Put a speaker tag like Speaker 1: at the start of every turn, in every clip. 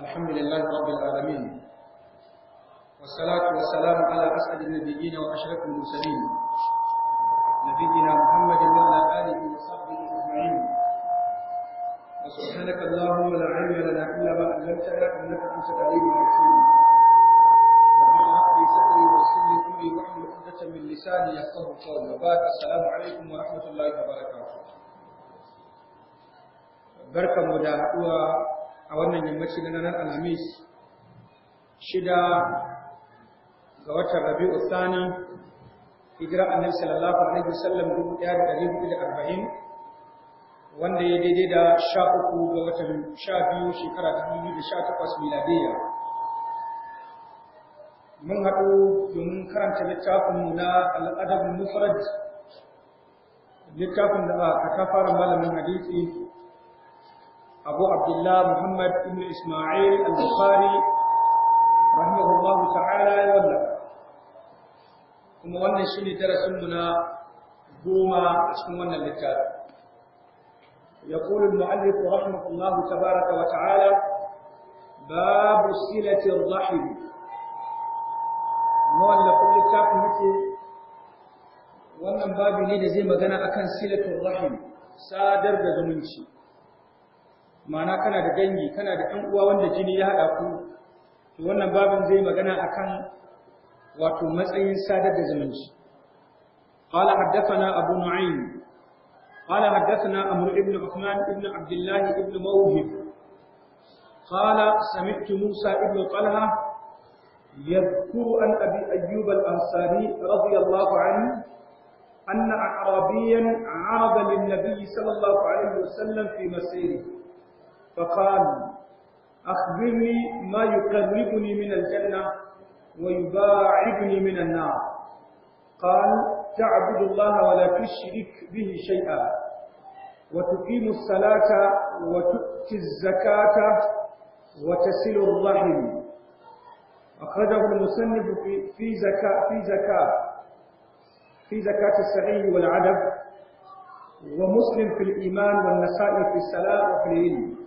Speaker 1: الحمد لله رب العالمين والصلاة والسلام على أسعد النبيين وأشرف المرسلين نبينا محمد وعلى آله وصحبه أجمعين وسبحانك اللهم لا علم لنا إلا ما علمتنا إنك أنت العليم الحكيم من لساني يفقه القول وبارك السلام عليكم ورحمة الله وبركاته barkan mu a wannan yammaci na ranar alhamis shida ga watan rabi'u tsani hijira annabi sallallahu alaihi wasallam dubu ɗaya da ɗari hudu da arba'in wanda ya daidai da sha uku ga watan sha biyu shekara dubu biyu da sha takwas miladiyya mun haɗu domin karanta littafinmu na al'adabin mufrad littafin da aka fara malamin hadisi أبو عبد الله محمد بن إسماعيل البخاري رحمه الله تعالى ولا كما وانا شني درس منا بوما اسمونا الكتاب يقول المؤلف رحمه الله تبارك وتعالى باب صلة الرحم مؤلف الكتاب متي وانا باب نيجي زي ما قلنا اكن صلة الرحم سادر بزمنشي ma'ana kana da dangi kana da ɗan uwa wanda jini ya haɗa ku to wannan babin zai magana akan wato matsayin sadar da zumunci قال حدثنا أبو نعيم قال حدثنا أمر ابن عثمان ابن عبد الله ابن موهب قال سمعت موسى ابن طلحة يذكر عن أبي أيوب الأنصاري رضي الله عنه أن أعرابيا عرض للنبي صلى الله عليه وسلم في مسيره فقال أخبرني ما يقربني من الجنة ويباعدني من النار قال تعبد الله ولا تشرك به شيئا وتقيم الصلاة وتؤتي الزكاة وتسل الرحم أخرجه المصنف في, في زكاة في زكاة في زكاة السعي والعدب ومسلم في الإيمان والنسائي في الصلاة وفي العلم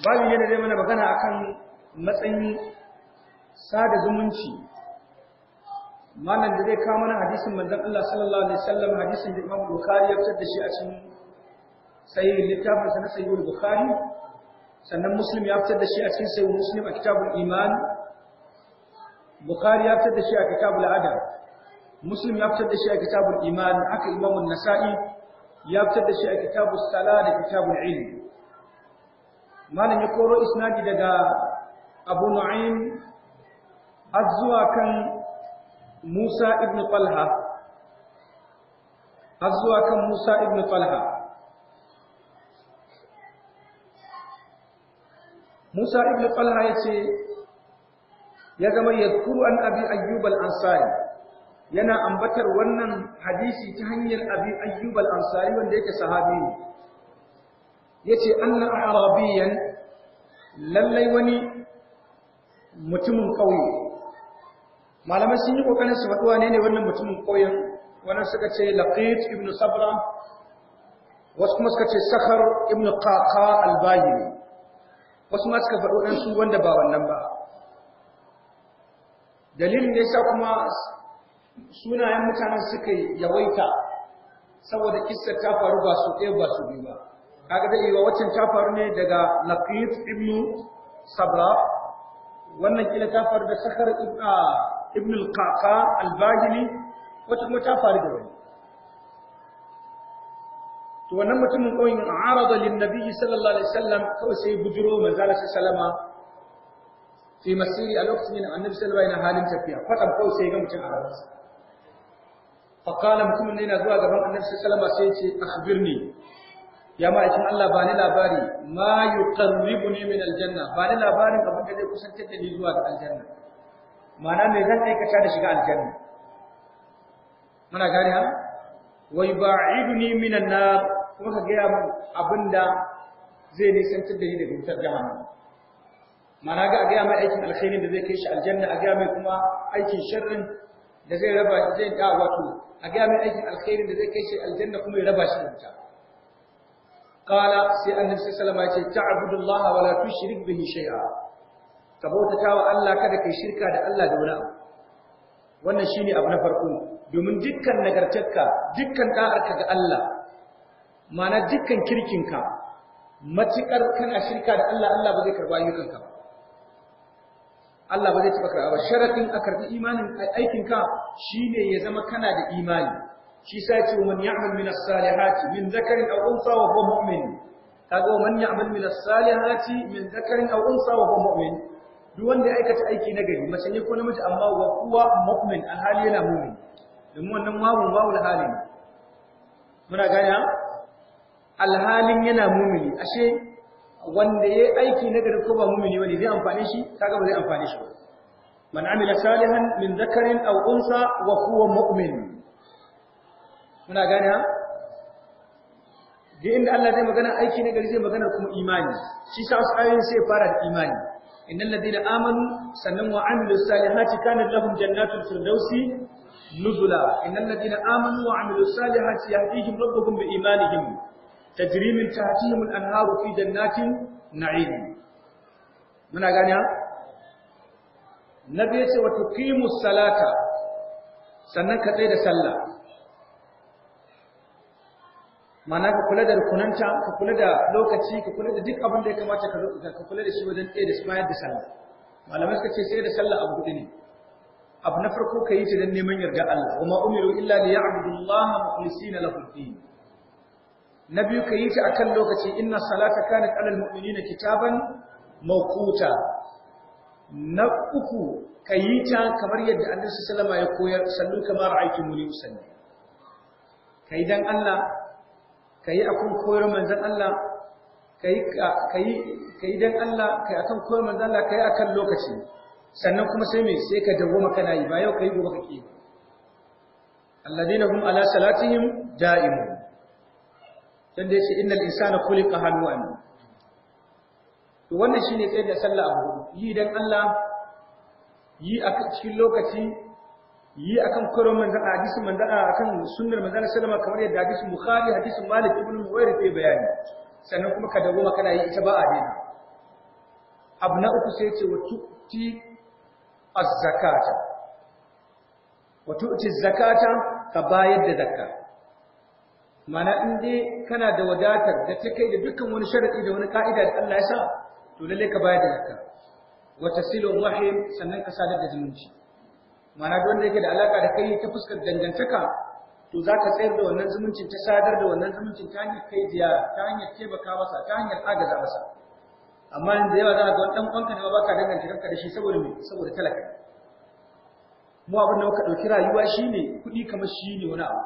Speaker 1: babin yana zai mana magana akan matsayin sada zumunci malam da zai kawo mana hadisin manzon Allah sallallahu alaihi wasallam hadisin da Imam Bukhari ya fitar da shi a cikin sahih littafin sa na sahih Bukhari sannan Muslim ya fitar da shi a cikin sahih Muslim a kitabul iman Bukhari ya fitar da shi a kitabul adab Muslim ya fitar da shi a kitabul iman haka Imam An-Nasa'i ya fitar da shi a kitabus sala da kitabul ilm malam ya koro isnadi daga abu nu'aim har kan musa ibn talha har kan musa ibn talha musa ibn talha ya ce ya zama yadkuru an abi ayyub al-ansari yana ambatar wannan hadisi ta hanyar abi ayyub al-ansari wanda yake sahabi ne yace anna arabiyan lallai wani mutumin kauye malamai sun yi kokarin su faɗuwa ne ne wannan mutumin kauyen wannan suka ce laqit ibn sabra wasu kuma suka ce sakhar ibn qaqa al wasu ma suka faɗi su wanda ba wannan ba dalilin da sa kuma sunayen mutanen suka yawaita saboda kissa ta faru ba su ɗaya ba su biyu ba kaga zai yi wa waccan ta faru ne daga laqit ibn sabra wannan kila ta faru da sakar ibn al-qaqa al-bahili wata kuma ta faru da wani to wannan mutumin kauyin arada lin nabiyyi sallallahu alaihi wasallam kawai sai bujuro manzala sallama fi masiri a lokacin da annabi sallallahu alaihi wasallam yana halin tafiya kwatam kawai sai ga mutum arabsa فقال مكم لنا زوا غبان النبي صلى الله عليه وسلم سيتي اخبرني ya ma'aikin Allah ba ni labari ma yuqarribuni min aljanna ba ni labarin abin da zai kusantar da ni zuwa ga aljanna ma'ana me zan aikata da shiga aljanna muna gane ha wa yub'iduni min an-nar kuma ka ga abinda zai nisantar da ni daga wutar jahannama
Speaker 2: ma'ana ga ga mai aikin alkhairin da zai kai shi aljanna a ga mai kuma aikin sharrin
Speaker 1: da zai raba shi zai da wato a ga mai aikin alkhairin da zai kai shi aljanna kuma ya raba shi da wuta qala sai annabi sallallahu alaihi wasallam ya ce ta'budullaha wa la tushrik bihi shay'a ka bautata wa Allah kada kai shirka da Allah da wani abu wannan shine abu na farko domin dukkan nagartarka dukkan da'arka ga Allah mana dukkan kirkin ka, matukar kana shirka da Allah Allah ba zai karba ayyukan ka. Allah ba zai taɓa karɓa ba sharaɗin a karɓi imanin aikinka shine ya zama kana da imani shi sa ce man ya'mal min as-salihati min dhakarin aw unsa wa huwa mu'min kaga man ya'mal min as-salihati min dhakarin aw unsa wa huwa mu'min duk wanda ya aikata aiki na gari mace ne ko namiji amma wa huwa mu'min alhali yana mu'min domin wannan wawun wawul hali muna gaya alhalin yana mu'mini ashe wanda ya aiki na gari ko ba mu'mini bane zai amfane shi kaga ba zai amfane shi ba man amila salihan min dhakarin aw unsa wa huwa mu'min muna gane ha duk inda Allah zai magana aiki na gari zai magana kuma imani shi sa wasu ayoyin sai fara da imani innal ladina amanu sannan wa amilu salihati kanat lahum jannatul firdausi nuzula innal ladina amanu wa amilu salihati yahdihim rabbuhum bi imanihim tajri min tahtihim al anharu fi jannatin na'im muna gane ha nabi ya ce wa tuqimus salata sannan ka tsaye da sallah mana ka kula da rukunanta ka kula da lokaci ka kula da duk abin da ya kamata ka kula da shi wajen tsaye da bayar da sallah malamai suka ce sai da sallah abu hudu ne abu na farko ka yi ta don neman yarda Allah wa ma umiru illa li ya'budu Allah mukhlisina lahu din na biyu ka yi ta akan lokaci inna salata kanat alal mu'minina kitaban mawquta na uku ka yi ta kamar yadda Annabi sallama ya koyar sallu kamar aikin muni usalli kai dan Allah ka yi akan koyar manzan Allah ka yi don Allah ka yi akan koyar manzan Allah ka yi akan lokaci sannan kuma sai mai sai ka dawoma kana yi ba yau ka yi gobe kake yi alladina hum ala salatihim da'imun dan da yace innal insana khuliqa halu'an to wannan shine tsayin da sallah abu yi dan Allah yi a cikin lokaci yi akan koron hadisun hadisin a kan sunnar manzon salama kamar yadda hadisun bukhari hadisun malik ibn muwairi ke bayani sannan kuma ka dawo kana yi ita ba a dina abu na uku sai ce wato tu'ti az-zakata wato zakata ka bayar da zakka mana in dai kana da wadatar da ta kai da dukkan wani sharadi da wani ka'ida da Allah ya sa to lalle ka bayar da zakka wata silon wahim sannan ka sadar da zumunci mana don da yake da alaka da kai ta fuskar dangantaka to za ka tsayar da wannan zumuncin ta sadar da wannan zumuncin ta hanyar kai ziyara ta hanyar taimaka masa ta hanyar agaza masa amma yanzu yawa za a ga wani ɗan uwanka ne ba ka danganta kanka da shi saboda me saboda talaka mu abin da muka ɗauki rayuwa shi ne kuɗi kamar shi ne wani abu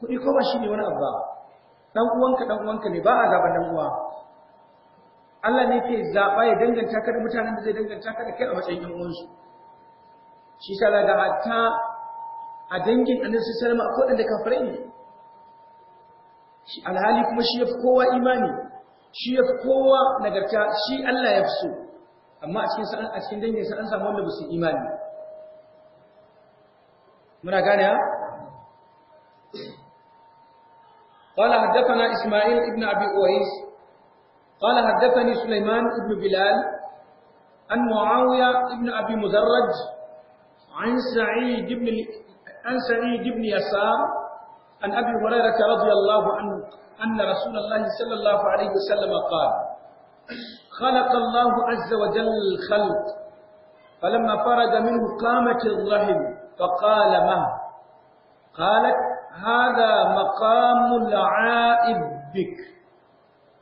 Speaker 1: kuɗi ko ba shi ne wani abu ba ɗan uwanka ɗan uwanka ne ba a zaɓen ɗan uwa Allah ne ke zaɓa ya danganta ka da mutanen da zai danganta ka da kai a matsayin ɗan uwansu shi sa daga hatta a dangin annabi sallallahu alaihi wasallam da kafirai ne shi alhali kuma shi yafi kowa imani shi yafi kowa nagarta shi Allah ya fi so amma a cikin a cikin dangin sa an samu wanda ba su imani muna gane ha قال حدثنا إسماعيل ابن أبي أويس قال حدثني سليمان ابن بلال عن معاوية ابن أبي مزرج عن سعيد بن عن سعيد بن يسار عن أبي هريرة رضي الله عنه أن رسول الله صلى الله عليه وسلم قال خلق الله عز وجل الخلق فلما فرد منه قامت الرحم فقال ما قالت هذا مقام العائب بك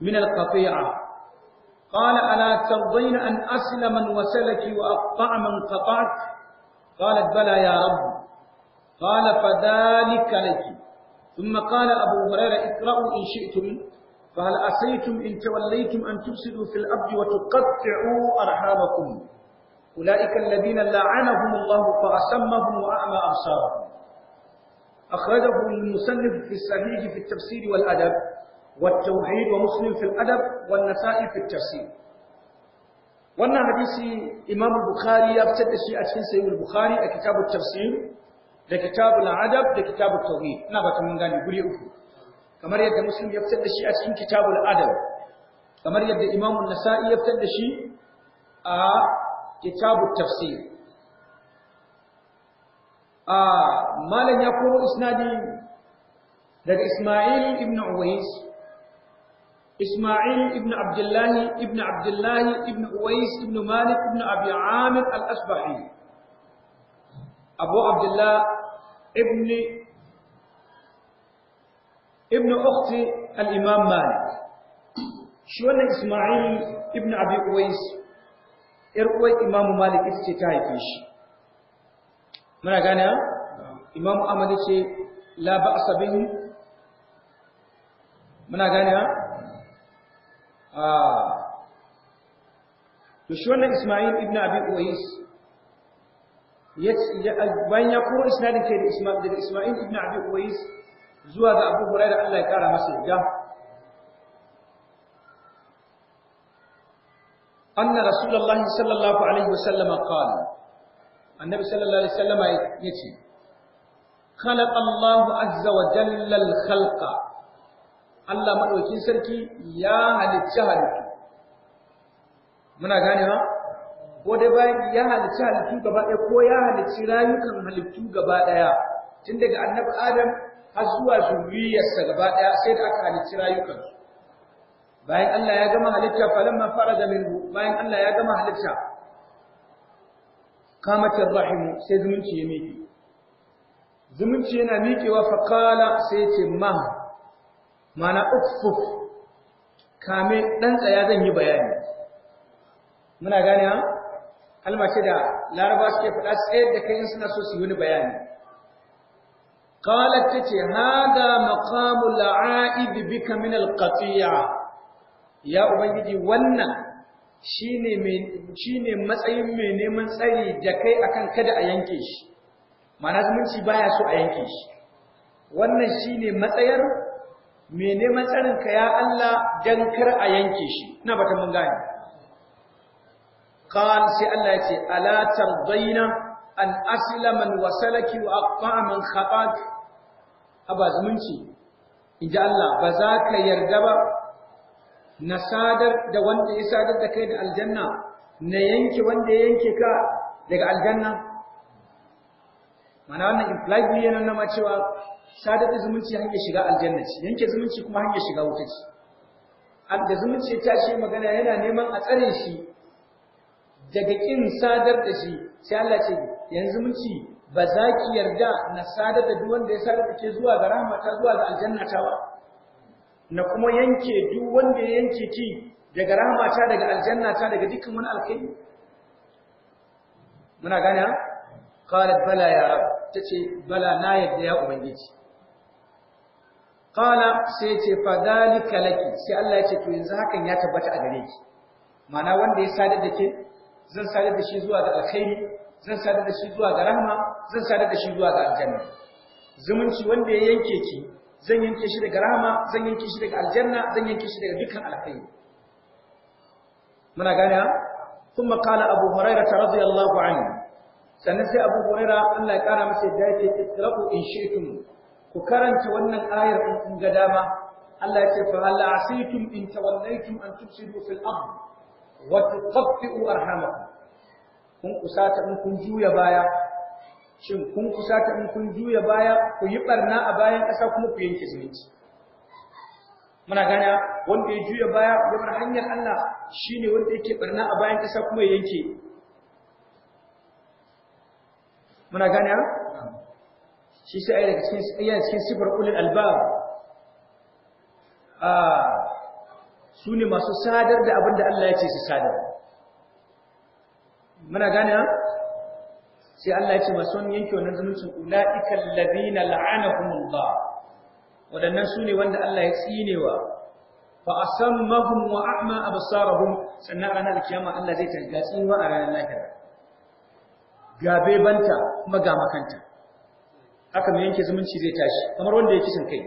Speaker 1: من القطيعة قال ألا ترضين أن أسلم من وسلك وأقطع من قطعك قالت بلى يا رب قال فذلك لك ثم قال أبو هريرة اقرأوا إن شئتم فهل عسيتم إن توليتم أن تفسدوا في الأرض وتقطعوا أرحامكم أولئك الذين لعنهم الله فأسمهم وأعمى أبصارهم أخرجه المسلف في الصحيح في التفسير والأدب والتوحيد ومسلم في الأدب والنسائي في التفسير wannan hadisi imam bukhari ya fitar da shi a cikin sahih bukhari a kitabut tafsir da kitabul adab da kitabut tauhid ina ba ta mun gane guri uku kamar yadda muslim ya fitar da shi a cikin kitabul adab kamar yadda imam an-nasa'i ya fitar da shi a kitabut tafsir a malan ya koro isnadi daga isma'il ibn uwais إسماعيل ابن عبد الله ابن عبد الله ابن أويس ابن مالك ابن أبي عامر الأسبحي أبو عبد الله ابن ابن أخت الإمام مالك شون إسماعيل ابن أبي أويس إرقوي إمام مالك استتاي فيش من أغانا إمام أمد لا بأس به من أغانا Ah. to shi wannan Ismail ibn Abi Uwais bayan ya koro isnadin kai da Ismail daga Ismail ibn Abi Uwais zuwa ga Abu Hurairah Allah ya kara masa yadda anna Rasulullah sallallahu alaihi wasallam qala annabi sallallahu alaihi wasallam yace خلق الله عز وجل الخلق Allah maɗaukin sarki ya halicci halittu muna gane ba? ko dai bayan ya halicci halittu gaba ɗaya ko ya halicci rayukan halittu gaba ɗaya tun daga annabi adam har zuwa zuriyarsa gaba ɗaya sai da aka halicci rayukan bayan Allah ya gama halitta ma fara da minhu bayan Allah ya gama halitta kamatar rahimu sai zumunci ya miƙe zumunci yana miƙewa faƙala sai ya ce ma mana ukfuf kame dan tsaya zan yi bayani muna gane ha kalma ce da laraba suke faɗa tsayar da kai suna so su yi wani bayani qalat tace hada maqamu la'ib bika min alqati'a ya ubangiji wannan shine mai shine matsayin mai neman tsari da kai akan kada a yanke shi ma'ana zumunci baya so a yanke shi wannan shine matsayar Mene neman ka ya Allah dan kar a yanke shi ina bata mun gane qal sai Allah ya ce ala tardaina an aslama wasalaki wa aqta'a man khatak aba zumunci inji Allah ba za ka yarda ba na sadar da wanda ya sadar da kai da aljanna na yanke wanda ya yanke ka daga aljanna mana wannan implied ne yana nuna cewa sadar da zumunci hanyar shiga aljanna ce yanke zumunci kuma hanyar shiga wuta ce da zumunci ya tashi magana yana neman a tsare shi daga kin sadar da shi sai Allah ce yanzu zumunci ba za ki yarda na sadar da duk wanda ya sadar da ke zuwa ga ta zuwa ga aljanna ta ba na kuma yanke duk wanda ya yanke ki daga ta daga aljanna ta daga dukkan wani alkai muna gane ha qalat bala ya rab tace bala na yadda ya ubangiji Kala sai ce "Fadali kalaki" sai Allah ya ce to yanzu hakan ya tabbata a gare ki ma'ana wanda ya sadar da ke zan sadar da shi zuwa ga alkhairi zan sadar da shi zuwa ga rahma zan sadar da shi zuwa ga aljanna zumunci wanda ya yanke ki zan yanke shi daga rahama zan yanke shi daga aljanna zan yanke shi daga dukkan alkhairi muna gane ثم قال أبو هريرة رضي الله عنه sannan sai abu huraira Allah ya kara masa yadda yake itraku in shi'tum ku karanta wannan ayar in kun ga dama Allah ya ce fa hal asitum in tawallaytum an tufsidu fil ard wa tuqatti'u arhamakum kun kusata in kun juya baya shin kun kusata in kun juya baya ku yi barna a bayan ƙasa kuma ku yanke zumunci muna gane wanda ya juya baya ya bar hanyar Allah shine wanda yake barna a bayan ƙasa kuma ya yanke muna gane shi sai shi daga cikin yana cikin sifar ulul albab a ah, su ne masu sadar da abin da Allah ya ce su sadar muna gane ha sai Allah ya ce masu wani yanke wannan zanuncin ula'ikal ladina la'anahumullah wadannan su ne wanda Allah ya tsinewa fa asammahum wa a'ma absarahum sannan ranar kiyama Allah zai targa tsinewa a ranar lahira gabe banta kuma ga makanta haka mai yanke zumunci zai tashi kamar wanda ya kisan kai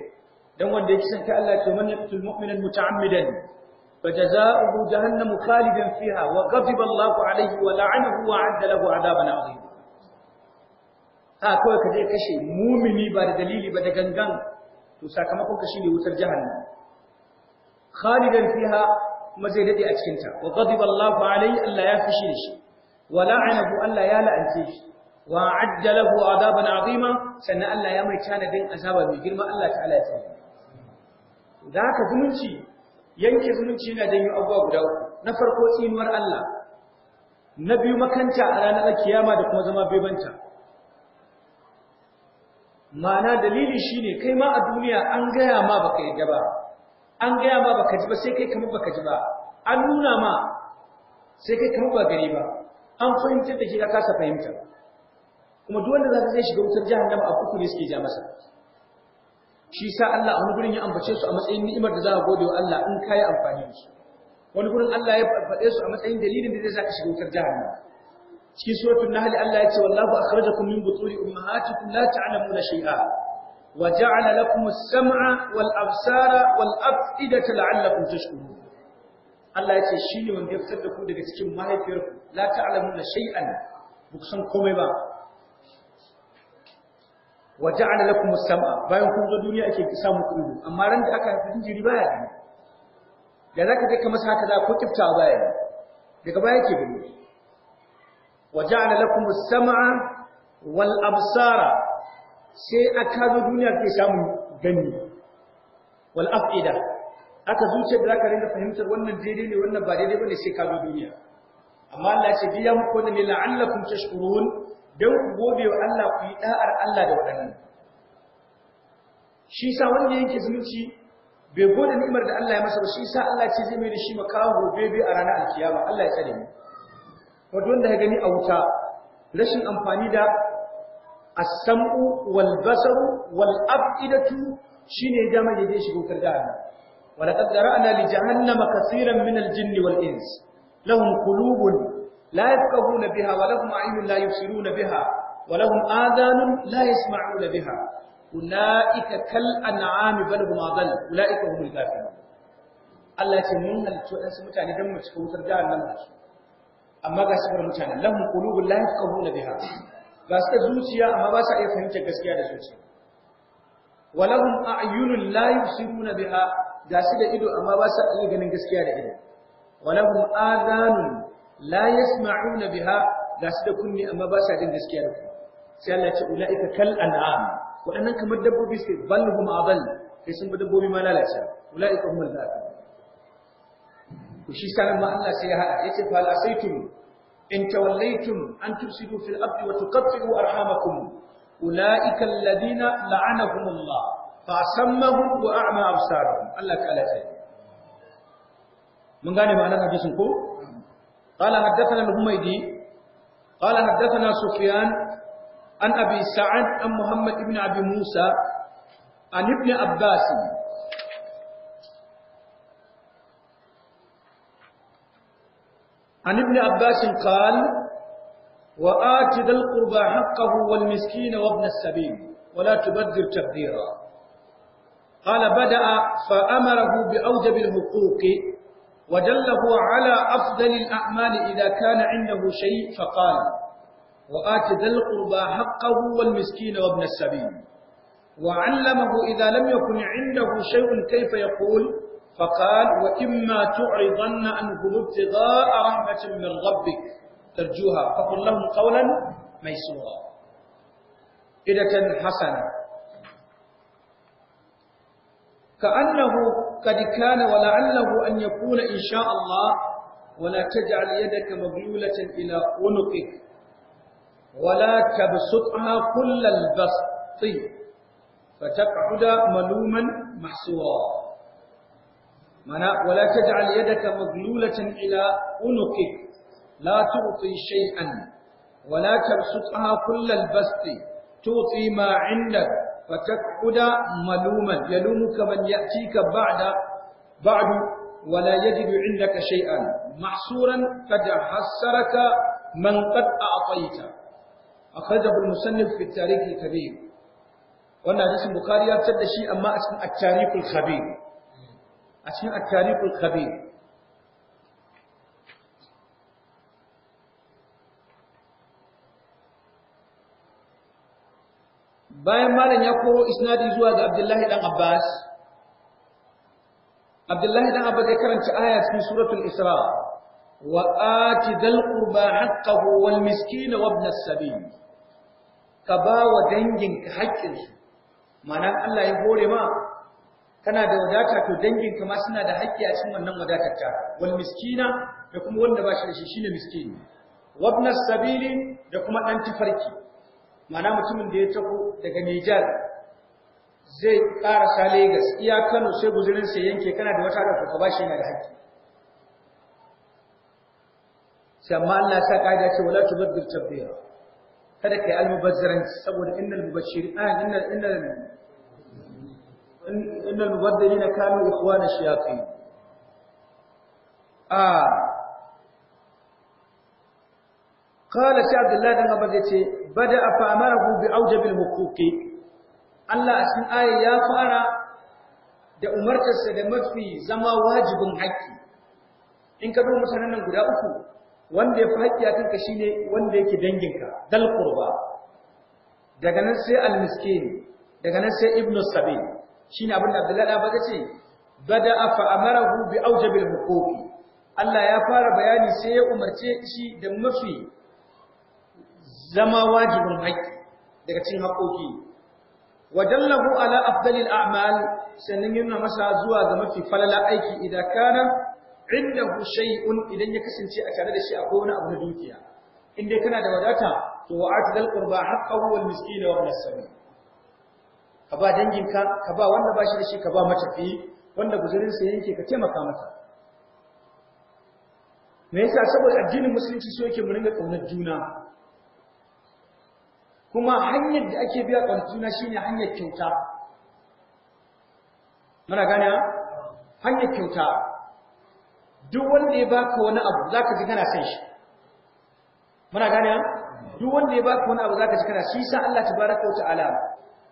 Speaker 1: dan wanda ya kisan kai Allah ya ce man yaqtul mu'mina muta'ammidan فجزاؤه جهنم خالدا فيها وغضب الله عليه ولعنه وعد له عذابا عظيما ha kawai ka je kashe mumini ba da dalili ba da gangan to sakamakon ka shine wutar jahannam khalidan fiha kuma zai dade a cikin ta wa ghadiba Allahu alayhi Allah ya fushi shi wa la'anahu Allah ya la'ance shi wa ajjalahu adaban azima sannan Allah ya mai tanadin azaba mai girma Allah ta'ala ya tsare da zumunci yanke zumunci yana janyo abubuwa guda uku na farko tsinuwar Allah na biyu makanta a ranar kiyama da kuma zama bebanta ma'ana dalili shine kai ma a duniya an gaya ma baka yadda ba an gaya ma baka ji ba sai kai kamar baka ji ba an nuna ma sai kai kamar ba gari ba an fahimtar da shi ka kasa fahimta kuma duk wanda ta zai shiga wutar jahannama a uku ne suke ja masa shi sa Allah a wani gurin ya ambace su a matsayin ni'imar da za a gode wa Allah in kai amfani da su wani gurin Allah ya faɗe su a matsayin dalilin da zai sa ka shiga wutar jahannama cikin suratul nahl Allah ya ce wallahu akhrajakum min butuni ummahatikum la ta'lamuna shay'a wa ja'ala lakum as-sam'a wal absara wal af'idata la'allakum tashkurun Allah ya ce shi ne wanda ya fitar da ku daga cikin mahaifiyarku la ta'lamuna shay'an ba ku san komai ba wa ja'ala lakum as-sam'a bayan kun zo duniya ake sa muku ido amma ran da aka haifi jinjiri baya gani da zaka je ka masa haka za ko kifta baya ne, daga baya yake gani wa ja'ala lakum as-sam'a wal absara sai aka zo duniya ke samun gani wal afida aka zuciyar da zaka rinka fahimtar wannan daidai ne wannan ba daidai bane sai ka zo duniya amma Allah ya ce biya muku ne la'allakum tashkurun don ku gode wa Allah ku yi da'ar Allah da waɗannan shi sa wanda yake zuci bai gode ni'imar da Allah ya masa ba shi sa Allah ce zai mai da shi gobe bebe a ranar alkiyama Allah ya tsare mu wato wanda ya gani a wuta rashin amfani da asam'u samu wal basaru wal afidatu shine ya dama yaje shi wutar jahannam wa laqad zara'na li jahannama kaseeran min al-jinni wal ins lahum qulubun لا يفقهون بها ولهم عين لا يبصرون بها ولهم آذان لا يسمعون بها أولئك كالأنعام بل هم أضل أولئك هم الغافلون Allah ya ce mun halittu waɗansu mutane don mu cika wutar jihar nan da su amma ga su mutane lahum qulubun la yafqahuna biha ga su zuciya amma ba sa iya fahimtar gaskiya da zuciya walahum a'yunun la yusiruna biha ga su da ido amma ba sa iya ganin gaskiya da ido walahum adanun la na biha ga su da kunni amma ba sa jin gaskiya da ku sai Allah ce ita kal an'am waɗannan kamar dabbobi sai balhum adall sai sun bi dabbobi ma lalace ulaika humul zalimun ku shi sanan ma Allah sai ya hada yace fa la saytum in tawallaytum an tufsidu fil ardi wa tuqatti'u arhamakum ulaika alladhina la'anahumullah fa sammahum wa a'ma absarahum Allah ta'ala sai mun gane ma'anar hadisin ko قال حدثنا الهميدي قال حدثنا سفيان عن أبي سعد عن محمد بن أبي موسى عن ابن عباس عن ابن عباس قال وآت ذا القربى حقه والمسكين وابن السبيل ولا تبذر تبذيرا قال بدأ فأمره بأوجب الحقوق وجله على أفضل الأعمال إذا كان عنده شيء فقال وآت ذا القربى حقه والمسكين وابن السبيل وعلمه إذا لم يكن عنده شيء كيف يقول فقال وإما تعرضن عنهم ابتغاء رحمة من ربك ترجوها فقل لهم قولا ميسورا إذا كان حسنا كأنه قد كان ولعله أن يكون إن شاء الله ولا تجعل يدك مغلولة إلى عنقك ولا تبسطها كل البسط فتقعد ملوما محسورا ولا تجعل يدك مغلولة إلى عنقك لا تعطي شيئا ولا تبسطها كل البسط تعطي ما عندك فتقعد ملوما يلومك من يأتيك بعد بعد ولا يجد عندك شيئا محصورا قد حسرك من قد أعطيت أخرجه المصنف في التاريخ الكبير wannan hadisin bukhari ya fitar da shi amma a cikin at-tariq al-khabir a cikin at-tariq al-khabir bayan malam ya koro isnadi zuwa ga Abdullahi dan Abbas Abdullahi dan Abbas ya karanta aya cikin suratul Isra wa ati dal qurba haqqahu wal miskin wa ibn as-sabil ka ba wa danginka haƙƙinsu ma'ana Allah ya hore ma kana da wadata to danginka ma suna da haƙƙi a cikin wannan wadatar ta wal miskina da kuma wanda ba shi da shi shine miskini wa ibn as-sabil da kuma dan tafarki mana mutumin da ya taho daga Nijar zai karasa Lagos iya Kano sai guzurin sai yanke kana da wata rafa ka bashi yana da haƙƙi sai amma Allah sa kaida ce wala tubaddil tabbiya. kada kai almubazzaranci saboda innal mubashirin ah, innal innal innal mubaddilina kanu ikhwana shayatin a قال سعد الله بن عبد bada fa'amarahu bi aujabil huquqi Allah a cikin aya ya fara da umartarsa da mafi zama wajibin haƙƙi in ka duba mutanen nan guda uku wanda ya fi haƙƙi a kanka ne wanda yake danginka dal qurba daga nan sai al daga nan sai ibnu sabil shine abin da Abdullahi ba ce bada fa'amarahu bi aujabil huquqi Allah ya fara bayani sai ya umarce shi da mafi zama wajibin haƙƙi daga cikin haƙoƙi wa ala afdalil a'mal sannan yana masa zuwa ga mafi falala aiki idan kana indahu shay'un idan ya kasance a tare da shi akwai wani abu na dukiya in dai kana da wadata to wa atdal qurba haqqahu wal miskin wa ibn sabil ka ba danginka ka ba wanda ba shi da shi ka ba matafi wanda guzurin sa yanke ka taimaka mata
Speaker 2: me yasa saboda addinin
Speaker 1: musulunci so yake mu ringa kaunar juna kuma hanyar da ake biya shi shine hanyar kyauta muna gane hanyar kyauta duk wanda ya baka wani abu za ka ji kana son shi muna gane duk wanda ya baka wani abu za ka ji kana shi sa Allah tabaraka wa ta'ala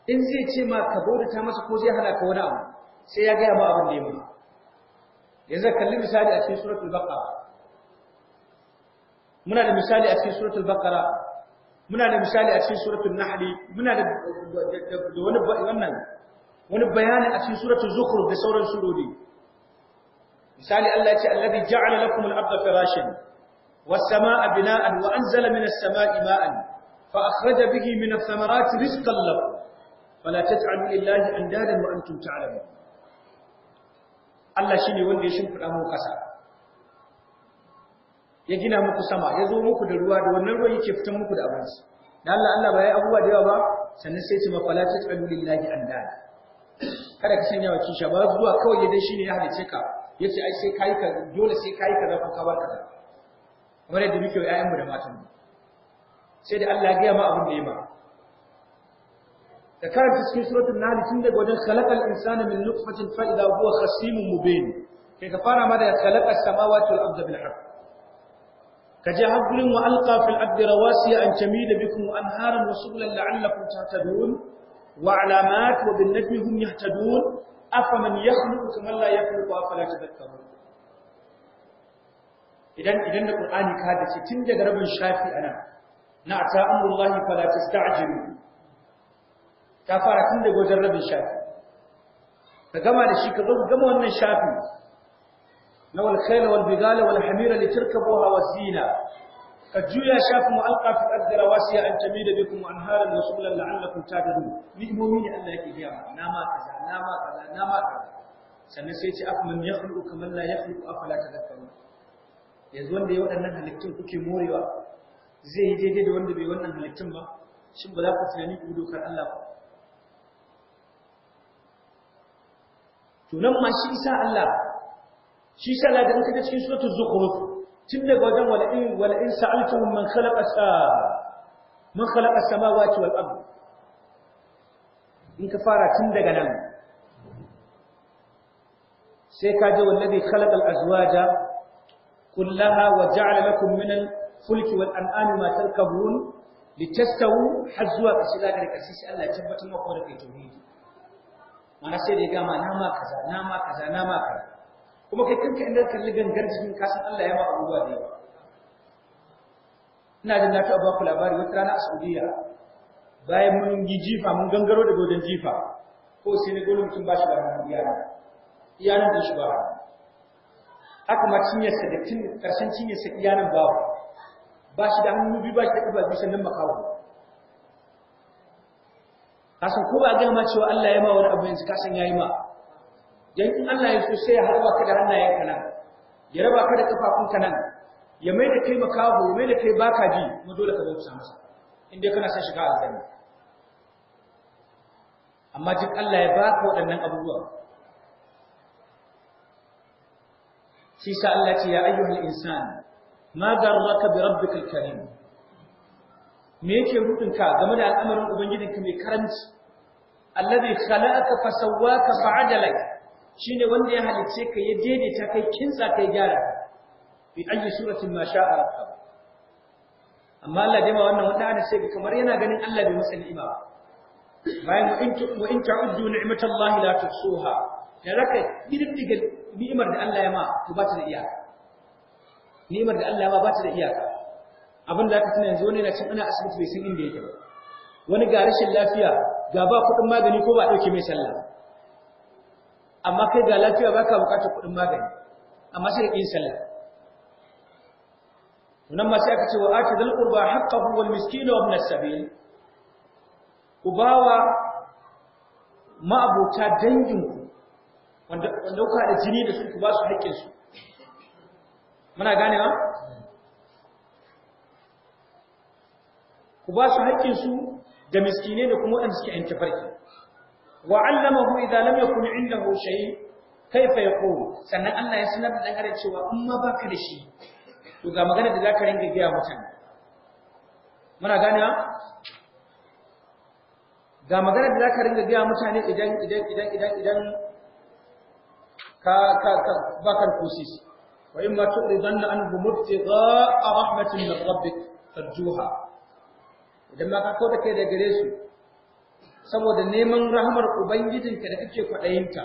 Speaker 1: in zai ce ma ka bauta masa ko zai hana ka wani abu sai ya gaya ma abin da ya yanzu kalli misali a cikin suratul baqara muna da misali a cikin suratul baqara muna da misali a cikin suratul nahl muna da wani wannan wani bayani a cikin suratul zukhruf da sauran surori misali Allah ya ce alladhi ja'ala lakum al-ardha firashan was-samaa'a binaa'an wa anzala minas samaa'i ma'an, fa akhraja bihi minath thamarati rizqan lakum fala taj'alu lillahi andadan wa antum ta'lamun
Speaker 2: Allah shine wanda ya
Speaker 1: shimfida mu kasa ya gina muku sama ya zo muku da ruwa da wannan ruwan yake fitan muku da abinci da Allah Allah ba ya abubuwa da yawa ba sannan sai ce mafala ta tsalu lillahi andada kada ka sanya wa kisha ba zuwa kawai ya dai shine ya halice ka yace ai sai kai ka dole sai kai ka zafa kabar ka kamar yadda muke wa ƴaƴanmu da matanmu sai da Allah ya gaya ma abin da ya ma da karanta cikin suratul nahl tun daga wajen khalaqal insana min nutfatin fa idha huwa khasimun mubin kai ka fara ma da khalaqas samawati wal arda bil haqq kaje har gurin wa alqa fil ardi rawasiya an tamida bikum anharan wa subulan la'allakum tahtadun wa alamat wa bin najmi hum yahtadun afaman yakhluqu kaman la yakhluqu afala tadhakkarun idan idan da qur'ani ka da shi tun daga rabin shafi ana na ta amrullahi fala tasta'jilu ta fara tun daga wajen rabin shafi ka gama da shi ka zo gama wannan shafi na wal khayla wal bigala wal hamira litarkabuha wasina ka juya shafi mu alqa fi ardira wasiya an tamida bikum anharan wa sublan la'allakum Ni ni'imomi ne Allah yake biya nama kaza nama kaza nama kaza sannan sai ya ce afman yakhluqu kaman la yakhluqu afala tadhakkarun yanzu wanda ya waɗannan halittun kuke morewa zai yi daidai da wanda bai wannan halittun ba shin ba za ku tunani ku dokar Allah ba to nan ma shi isa Allah shi sha Allah da kaga cikin suratul zukhruf tun daga wajen wala in wala in sa'altuhum man khalaqa man khalaqa samawati wal ard in ka fara tun daga nan sai ka ji wallazi khalaqa al azwaja kullaha wa ja'ala lakum min al fulki wal an'ami ma tarkabun litastawu har zuwa kashi za da karshe sai Allah ya tabbatar maka da kai tauhidi mana sai da gama nama kaza nama kaza nama kaza kuma kai kanka inda kalli gangan cikin kasan Allah ya ma abubuwa da yawa ina jin na taɓa ba ku labari wata rana a Saudiya bayan mun yi jifa mun gangaro da wajen jifa ko sai ne gole mutum ba shi ba hannun iyana iyanan da shi ba haka ma cinyarsa da tun ƙarshen cinyarsa iyanan ba ba shi da hannun biyu ba shi da ƙafa biyu sannan makawo kasan ko ba a gama cewa Allah ya ma wani abu yanzu kasan ya yi ma dan in Allah ya so sai ya harba ka da hannayen ka nan ya raba ka da kafafun ka nan ya mai da kai makaho ya mai da kai baka ji mu dole ka bauta masa in kana son shiga aljanna amma duk Allah ya baka waɗannan abubuwa shi sa Allah ce ya ayyuhal insan ma garraka bi rabbikal karim me yake rudinka game da al'amarin ubangijinka mai karanci allazi khalaqaka fa sawwaka Shi ne wanda ya halice ka ya daidaita kai kinsa kai gyara bi ayi suratin ma a rabbaka amma Allah dai ma wannan wanda ana sai kamar yana ganin Allah bai masa ni'ima ba bayan in wa in ta'uddu ni'matallahi la tuhsuha da raka irin diga ni'imar da Allah ya ma to ba ta da iyaka ni'imar da Allah ya ma ba ta da iyaka abin da aka tuna yanzu wani yana cin ana asibiti bai san inda yake ba wani ga rashin lafiya ga ba kuɗin magani ko ba ɗauke mai sallah amma kai ga lafiya baka bukatar kuɗin magani amma sai kin sallah wannan ma sai aka ce wa ati dal qurba haqqahu wal miskin wa ibnas sabil ubawa ma'abuta dangin wanda wanda kuka da jini da su ku ba su haƙƙin su muna ganewa ku ba su haƙƙin su da miskine da kuma wanda suke yin tafarki وعلمه إذا لم يكن عنده شيء كيف يقول sannan Allah ya sanar da dan adam cewa in ma baka da shi to ga magana da zaka ringa giya mutane muna gane ga magana da zaka ringa giya mutane idan idan idan idan idan ka ka ka bakar kusis wa imma tu'ridanna anhu mubtigha rahmatin min rabbik tarjuha idan ma ka kauda kai da gare su saboda neman rahmar ubangijinka da kake kwaɗayinta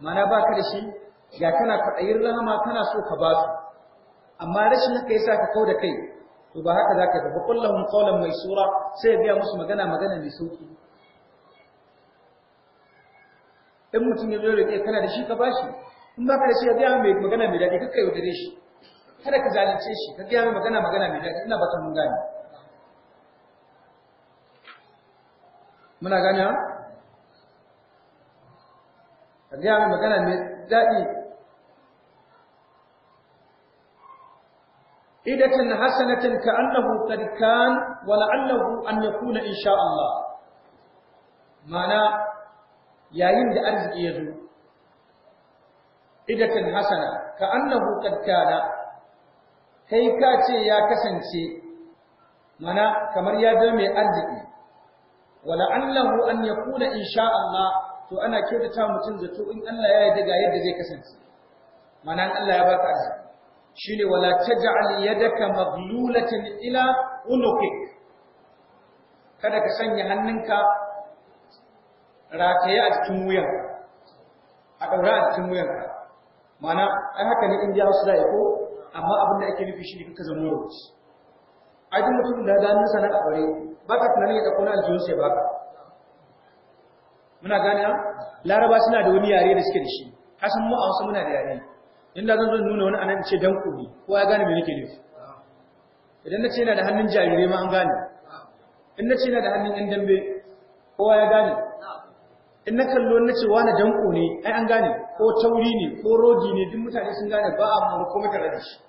Speaker 1: mana ba ka da shi ya kana kwaɗayin rahama kana so ka ba su amma rashin haka yasa ka kau da kai to ba haka zaka ga ba kullahum qawlan maysura sai ya biya musu magana magana mai sauki in mutum ya zo da kai kana da shi ka bashi in baka da shi ya biya mai magana mai daɗi kakka yaudare shi kada ka zalunce shi ka biya mai magana magana mai daɗi ina ba ka mun gane muna gane ka gaya mai magana mai daɗi idatin hasanatin ka annahu qad kan wa la'allahu an yakuna insha Allah Ma'ana yayin da arziki ya zo idatin hasana ka annahu qad kai ka ce ya kasance mana kamar ya zama mai arziki wala allahu an yakuna insha Allah to ana kyautata mutum zato in Allah ya yarda ga yadda zai kasance mana Allah ya baka arziki shine wala taj'al yadaka maghlulatan ila unukik kada ka sanya hannunka rataye a cikin wuyan a daura a cikin wuyan mana ai haka ne in ji Hausa zai ko amma abin da ake nufi shi ne kaka zama rubuci ai duk mutum da ganin sana a aure ba ka tunanin ya dauko na aljihun sai ba ka. muna gane laraba suna da wani yare da suke da shi kasan mu a wasu muna da yare inda zan zo nuna wani anan ce dan kuɗi ko ya gane me nake nufi idan na ce yana da hannun jarirai ma an gane in na ce yana da hannun yan dambe kowa ya gane in na kallo na ce wani danko ne ai an gane ko tauri ne ko rogi ne duk mutane sun gane ba a mu ko tare da shi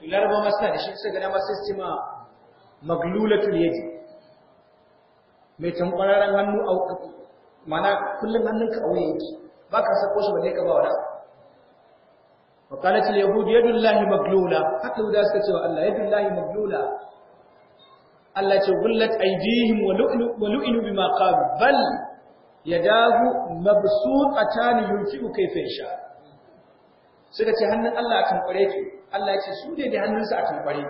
Speaker 1: to laraba suna da shi su gana masu sai su maglulatul yadi mai tankwararren hannu a mana kullum hannunka ka wuya yake ba ka sako shi ba ne ka ba wani wa qalat al yahud lahi maglula haka da suka ce wa Allah lahi maglula Allah ce gullat aydihim wa lu'nu wa lu'nu bima qalu bal yadahu mabsuqatan yunfiqu kayfa sha suka ce hannun Allah kan kware ki Allah ya ce su ne da hannunsa a tankware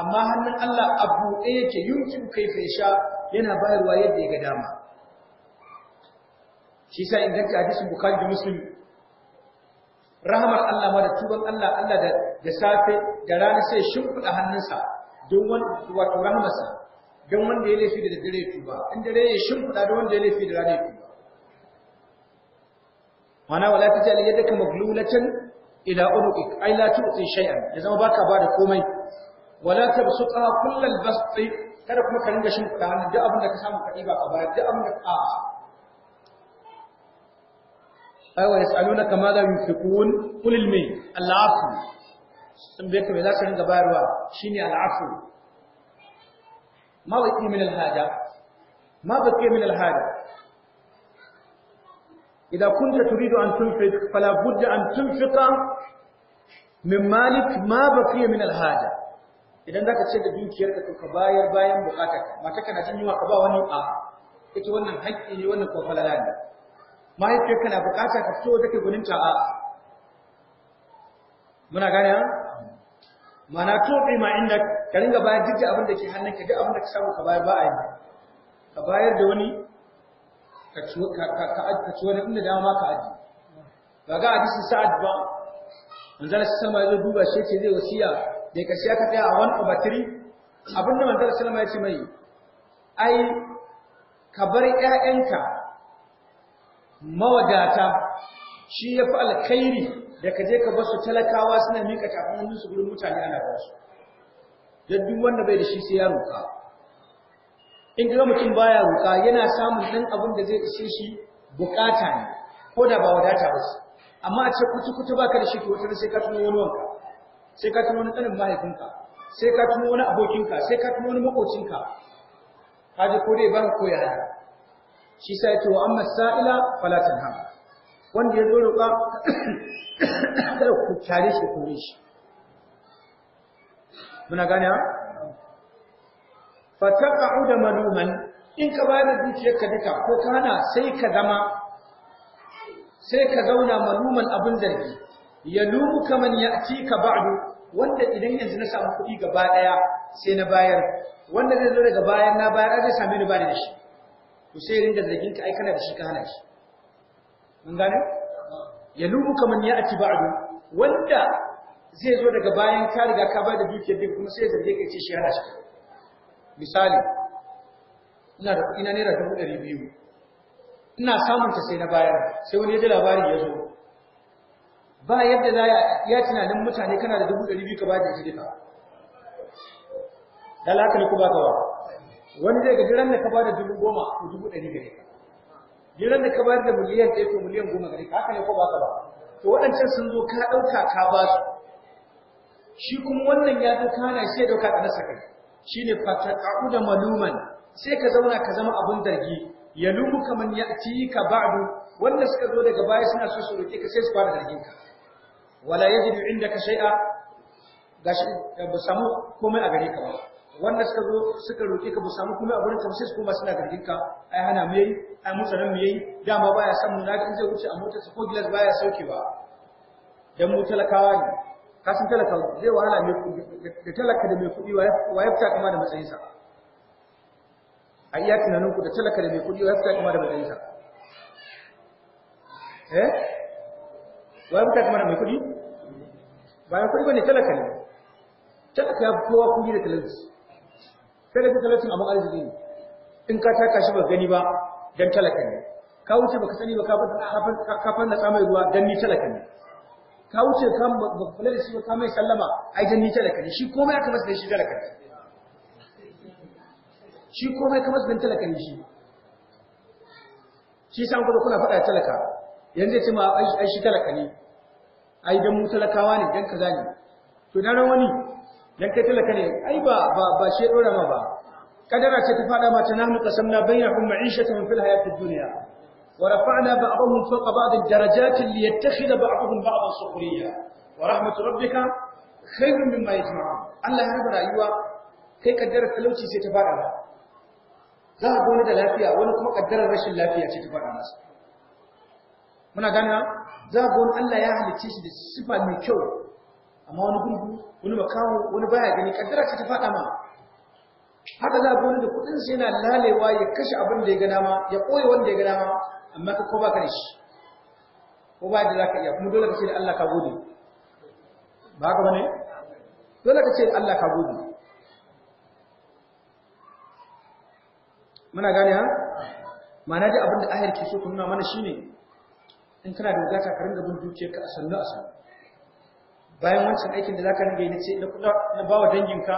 Speaker 1: amma hannun Allah a buɗe yake yunkin kaifa sha yana bayarwa yadda ya ga dama shi sa inganta hadisin Bukhari da Muslim rahamar Allah ma da tuban Allah Allah da da safe da rana sai shimfiɗa hannunsa don wani wato rahamarsa don wanda ya laifi da dare tuba in dare ya shimfiɗa da wanda ya laifi da rana ya tuba mana wala tajal yadaka maglulatan ila uruqik ai la tu'ti shay'an ya zama baka ba da komai wala tabsuqa kullal basti kada kuma ka ringa shin kuɗa duk abin da ka samu ka ɗiba ka bayar duk abin da ka ai wa yas'alunaka ma la yunfiqun qul ilmi al'afu sun bai kuma za ka ringa bayarwa shine al'afu ma baqi min al-haja ma baqi min al-haja إذا كنت تريد أن تنفق فلا بد أن تنفق من مالك ما بقي من الحاجة idan zaka ce da dukiyarka to ka bayar bayan bukatarka mata kana jin yunwa ka ba wani a ita wannan haƙƙi wannan ko falala kana bukata ka fito take gunin ta a muna gane ha mana to bi inda ka ringa bayar duk abin da ke hannunka abin da ka samu ka bayar ka bayar da wani ka ci wani inda dama ka aji ba ga hadisin sa'ad ba manzon sama ya duba shi ce zai wasiya da kashe tsaya a wani abatiri abinda ya ce mai ai ka bar ƴaƴanka mawadata shi ya fi alkhairi da ka je ka bar su talakawa suna miƙa tafin su gudun mutane ana ba su duk wanda bai da shi sai ya roƙa in ga mutum baya ruka yana samun dan abin da zai ishe shi bukata ne ko da ba wadata ba amma a ce kutu kutu baka da shi to wata sai ka tuno wani wanka sai ka tuno wani tsanin mahaifinka sai ka tuno wani abokinka sai ka tuno wani makocinka kaje ko dai ban koya hana shi sa yake wa amma sa'ila fala tanham wanda ya zo ruka kada ku tare shi ku shi muna gane ha fataqa'u da maluman in ka bada dukiyarka duka ko ka hana sai ka zama sai ka zauna maluman abin kaman ya ci ka ba'du wanda idan yanzu na samu kuɗi gaba daya sai na bayar wanda zai zo daga bayan na bayar zai sami ni ba da shi to sai rinda zargin ka ai kana da shi ka hana shi mun gane kaman ya ci ba'du wanda zai zo daga bayan ka riga ka bada dukiyar din kuma sai zarge ka ce shi hana shi misali ina da ina naira dubu ɗari biyu ina samun ta sai na bayar sai wani ya ji labari ya zo ba yadda za ya tunanin mutane kana da dubu ɗari biyu ka ba da shi duka lalaka ne ku ba ba wani zai ga jiran da ka ba da dubu goma ko dubu ɗari gare ka jiran da ka bayar da miliyan ɗaya ko miliyan goma gare ka haka ne ko ba ka ba to waɗancan sun zo ka ɗauka ka ba su shi kuma wannan ya zo kana shi ya ɗauka ka nasa kai Shi shine ƙa'u da maluman sai ka zauna ka zama abin dargi yalumu kaman ya'tika ba'du wanda suka zo daga baya suna so su roke ka sai su fara zargin ka wala yajidu indaka shay'a gashi eh, ba samu komai a gare ka ba wanda suka zo suka roƙe ka ba samu komai a gurin ka sai su koma suna dargin ka ai hana mu yayi ai mutsaran mu yayi dama baya san mu na ga in zai wuce a motar ko gilas baya saukewa dan mu talakawa ne kasin talaka zai wahala da talaka da mai kuɗi wa ya fita kama da matsayinsa a iya tunaninku da talaka da mai kuɗi wa ya fita kama da matsayinsa eh wa ya fita kama da mai kuɗi bayan kuɗi ne talaka ne talaka ya kowa kuɗi da talauci talaka talaucin abin arziki ne in ka taka shi ba gani ba dan talaka ne ka wuce baka sani ba ka fanna tsamai ruwa dan ni talaka ne ka wuce kan ba kula da shi ba ka mai sallama ai dan ni talaka ne shi komai aka masa shi talaka ne shi komai ya masa dan talaka ne shi shi san ku kuna faɗa talaka yanzu ce ma ai shi talaka ne ai dan mu talakawa ne dan kaza ne to dan wani dan kai talaka ne ai ba ba ba shi dora ma ba kadara ce ta fada ma ta nahnu qasamna bainahum ma'ishatan fil hayatid dunya ورفعنا بعضهم فوق بعض الدرجات ليتخذ da بعضا سخريا ورحمة ربك خير مما يجمعون الله يرضى رايوا kai kaddarar talauci sai ta fada ba za a wani da lafiya wani kuma kaddarar rashin lafiya ce ta fada masa muna gane za a wani Allah ya halicce shi da sifa mai kyau amma wani gungu wani makawo wani baya gani kaddara ce ta fada ma haka za a wani da kudin sai yana lalewa ya kashe abin da ya gana ma ya koya wanda ya ga ma amma ka ko baka da shi ko ba da ka iya kuma dole ka ce da Allah ka gode ba ka bane dole ka ce da Allah ka gode muna gane ha ma'ana da abin da ahir ke so ku nuna mana shine in kana da wadata ka ringa bin ka a sannu a sannu bayan wancan aikin da za ringa yi na ce na kuɗa na bawa danginka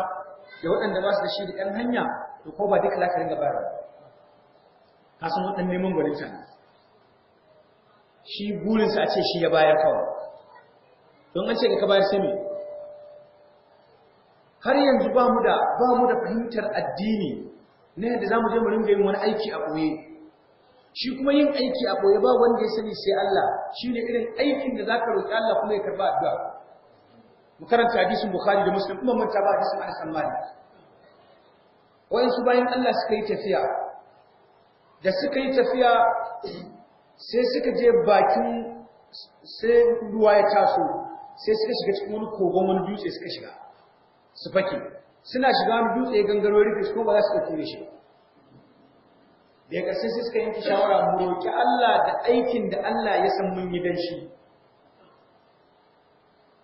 Speaker 1: da waɗanda ba su da shi da ƴan hanya to ko ba duka ka ringa bayarwa ka san waɗannan neman gwalinta ne shi burinsa a ce shi ya bayar kawai don an ce ka bayar sai me har yanzu ba mu da ba mu da fahimtar addini na yadda za je mu ringa yin wani aiki a ɓoye shi kuma yin aiki a boye ba wanda ya sani sai Allah shi ne irin aikin da za ka roƙi Allah kuma ya karɓa addu'a mu karanta hadisin Bukhari da Muslim kuma mun taba hadisin Anas bin Malik wayansu bayan Allah suka yi tafiya da suka yi tafiya sai suka je bakin sai ruwa ya taso sai suka shiga cikin wani kogon wani dutse suka shiga su fake suna shiga wani dutse gangaro rufe su ba za su ɗauki shi daga sai suka yanke shawara mu roƙi Allah da aikin da Allah ya san mun yi dan shi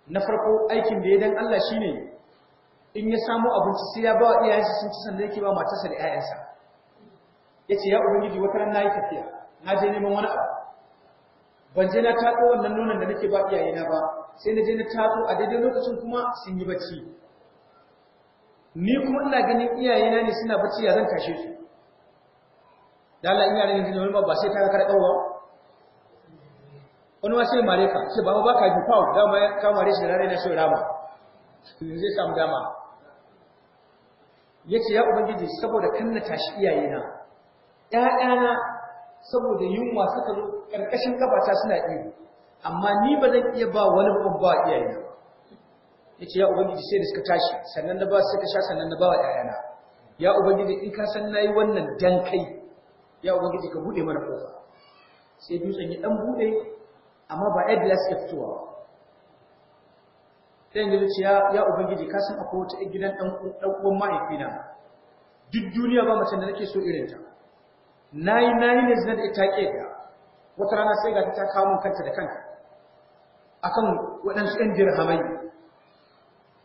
Speaker 1: na farko aikin da ya dan Allah shine in ya samu abinci sai ya ba wa iyayensa sun ci sannan yake ba matarsa da 'ya'yansa yace ya ubangiji wata ran nayi tafiya na je neman wani abu ban je na tatso wannan nonon da nake ba iyayena ba sai na je na tatso a daidai lokacin kuma sun yi bacci ni kuma ina ganin iyayena ne suna bacci ya zan kashe su da Allah in ganin kin ba ba sai ka kar dawo wani wasu mare ka sai baba baka ji fawo da ma ka mare shi da rana na so rama zai samu dama yace ya ubangiji saboda kan na tashi iyayena ƴaƴana saboda yunwa suka zo ƙarƙashin kafata suna iyo amma ni ba zan iya ba wani babba ba iyayena ya ce ya ubangiji sai da suka tashi sannan na ba su suka sha sannan na ba wa ƴaƴana ya ubangiji in ka san nayi wannan dan kai ya ubangiji ka buɗe mana kofa sai dutsen ya dan buɗe, amma ba yadda ya suke fitowa dan ya ce ya ubangiji ka san akwai wata gidan ɗan uwan mahaifina duk duniya ba mace da nake so irin ta nayi nayi ne zina da ita ke da wata rana sai ga ta kawo min kanta da kanta akan waɗansu ɗan dirhamai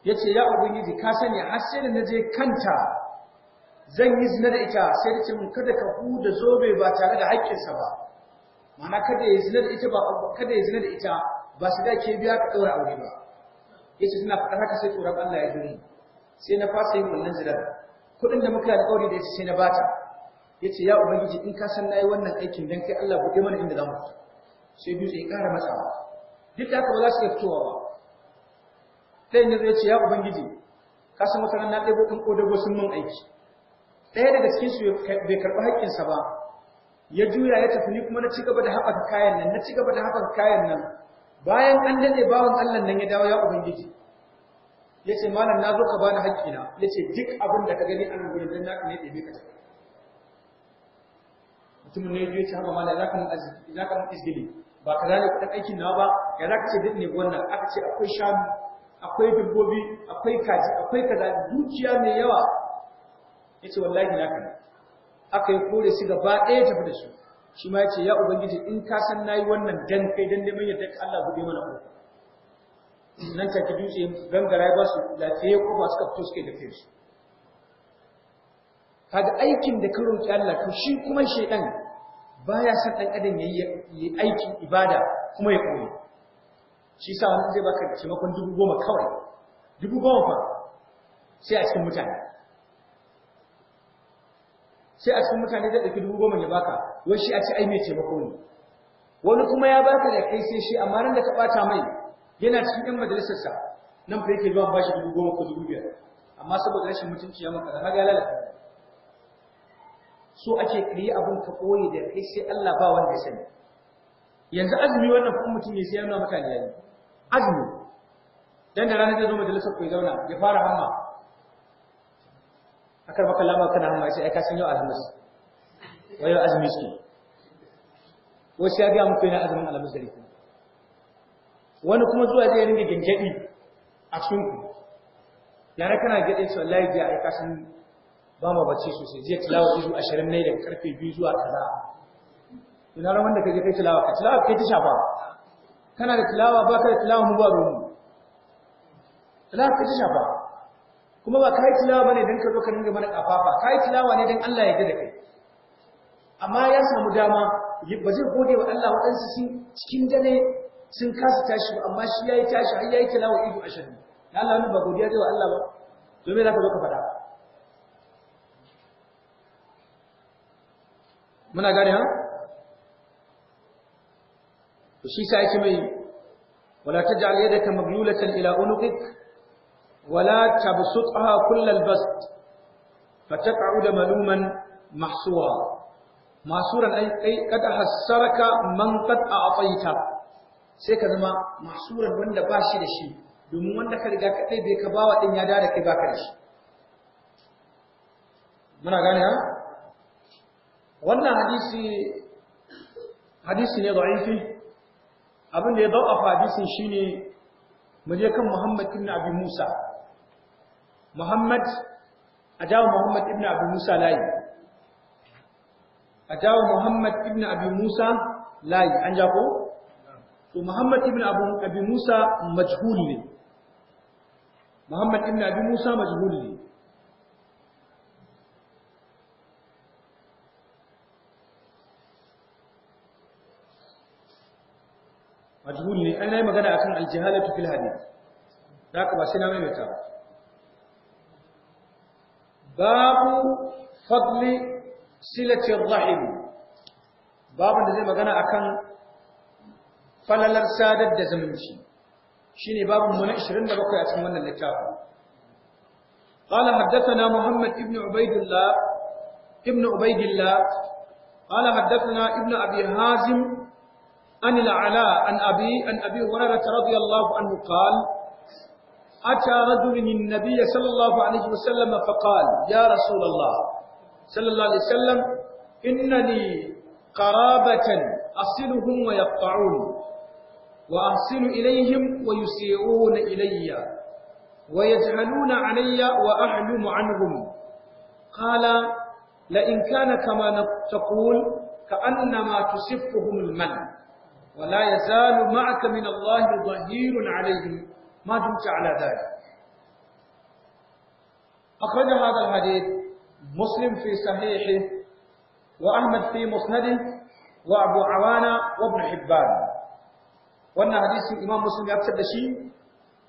Speaker 1: yace ya ubangiji ka sani har sai da je kanta zan yi zina da ita sai da ce kada ka huda zobe ba tare da haƙƙinsa ba ma'ana kada ya zina da ita ba kada ya zina da ita ba su da ke biya ka ɗaura aure ba yace suna faɗar haka sai tsoron Allah ya duni sai na fasa yin wannan zinar kuɗin da muka alƙawari da ita sai na bata ya ce ya ubangiji in ka san nayi wannan aikin dan kai Allah buɗe mana inda zamu fita sai biyu sai ƙara masa duk da haka ba za su ba sai ya zo ya ce ya ubangiji ka san wata ran na ɗebo ɗin ƙodago sun mun aiki ɗaya daga cikin su bai karɓi sa ba ya juya ya tafi ni kuma na ci gaba da haɓaka kayan nan na ci gaba da haɓaka kayan nan bayan an daɗe bawan Allah nan ya dawo ya ubangiji yace ce malam na zo ka bani haƙƙina ya ce duk abin da ka gani a nan gurin na ne ɗebe ka mutumin ne ya ce haka mala za ka mun arziki za ka mun izgili ba ka zane kuɗin aikin na ba ya za ka ce duk ne wannan aka ce akwai shanu akwai dabbobi akwai kaji akwai kaza dukiya mai yawa ya ce wallahi na kan aka yi kore su gaba ɗaya tafi da su shi ma ya ce ya ubangiji in ka san na yi wannan dan kai dan neman yadda Allah buɗe mana ko. nan take dutse gangara ya ba su lafiya ko ba ka fito suke da kai su kaga aikin da ka roki Allah to shi kuma shedan baya son dan adam yayi aiki ibada kuma ya koyi shi sa wani zai baka taimakon dubu goma kawai dubu goma fa sai a cikin mutane sai a cikin mutane zai ɗauki dubu goma ya baka wai shi a ci ai mai taimako ne wani kuma ya baka da kai sai shi amma ran da ka bata mai yana cikin ɗan majalisarsa nan fa yake zuwa ba shi dubu goma ko dubu biyar amma saboda rashin mutunci ya maka da ga lalata so ake ka yi abin ka koyi da kai sai Allah ba wanda ya sani yanzu azumi wannan kuma mutum ne sai ya nuna mutane yayi azumi dan da ranar zai zo majalisar ku zauna ya fara hamma akar baka lama kana hamma sai ai ka san yau alhamis wai yau azumi shi Wasu ya ga muku yana azumin alhamis da rikin wani kuma zuwa zai ringa gengedi a cikin ku yare kana gade su wallahi ji ai ka san ba ma bacci sosai jiya tilawa izu ashirin ne daga karfe biyu zuwa kaza ina ran wanda kaje kai tilawa ka tilawa kai ta shafa kana da tilawa ba ka da tilawa mu ba domin. tilawa kai ta shafa kuma ba kai tilawa bane dan ka zo ka dinga mana kafafa kai tilawa ne dan Allah ya yarda da kai amma ya samu dama ba zai gode wa Allah waɗansu sun cikin dare sun kasa tashi ba amma shi yayi tashi har yayi tilawa izu ashirin Allah wani ba godiya zai wa Allah ba Domin me zaka zo ka faɗa muna gane ha to shi sai ce mai wala taj'al yadaka maglulatan ila unuqik wala tabsutha kullal bast fataq'ud maluman mahsura masuran ai kad hasaraka man kad a'taita sai ka zama masuran wanda ba shi da shi domin wanda ka riga ka kai bai ka bawa din ya dare kai ka da shi muna gane ha wannan hadisi hadisi ne da'ifi abin da ya da'afa hadisin shine mu je kan Muhammad ibn Abi Musa Muhammad ajawa Muhammad ibn Abi Musa layi ajawa Muhammad ibn Abi Musa layi an ja ko to Muhammad ibn Abi Musa majhul ne Muhammad ibn Abi Musa majhul ne majhul ne ai nayi magana akan aljihalatu fil hadith da ka ba na babu fadli silati rahim babu da zai magana akan falalar sadar da zumunci shine babu mu na 27 a cikin wannan littafin قال حدثنا محمد ابن عبيد الله ابن عبيد الله قال حدثنا ابن عن العلاء عن أبي عن أبي هريرة رضي الله عنه قال أتى رجل النبي صلى الله عليه وسلم فقال يا رسول الله صلى الله عليه وسلم إن لي قرابة أصلهم ويقطعون وأحسن إليهم ويسيئون إلي ويجهلون علي وأعلم عنهم قال لئن كان كما تقول كأنما تصفهم المن ولا يزال معك من الله ظهير عليهم ما دمت على ذلك أخرج هذا الحديث مسلم في صحيحه وأحمد في مسنده وأبو عوانة وابن حبان وأن حديث الإمام مسلم يبتد شيء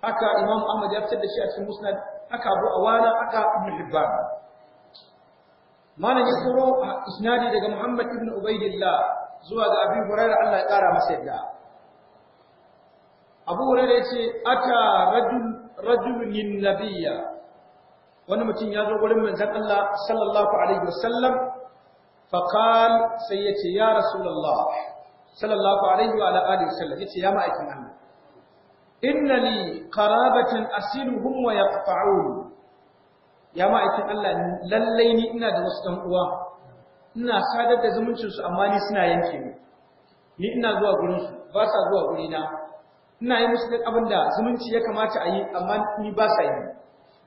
Speaker 1: أكا إمام أحمد يبتد شيء في المسند أكا أبو عوانة أكا ابن حبان ما نذكره إسنادي لك محمد بن عبيد الله zuwa ga abin Hurairah Allah ya kara masa yadda Abu Hurairah yace ata rajul rajulun nabiyya wani mutum ya zo gurin manzon Allah sallallahu alaihi wasallam faqal sai yace ya rasulullah sallallahu alaihi wa wa sallam, ya ce ya ma'aikin Allah inna ni li qarabatan asiluhum wa yaqta'un ya ma'aikin Allah lallai ni ina da wasu dan uwa ina sadar da zumuncinsu amma ni suna yanke ni ni ina zuwa gurinsu ba sa zuwa gurina ina yi musu duk abin da zumunci ya kamata a yi amma ni ba sa yi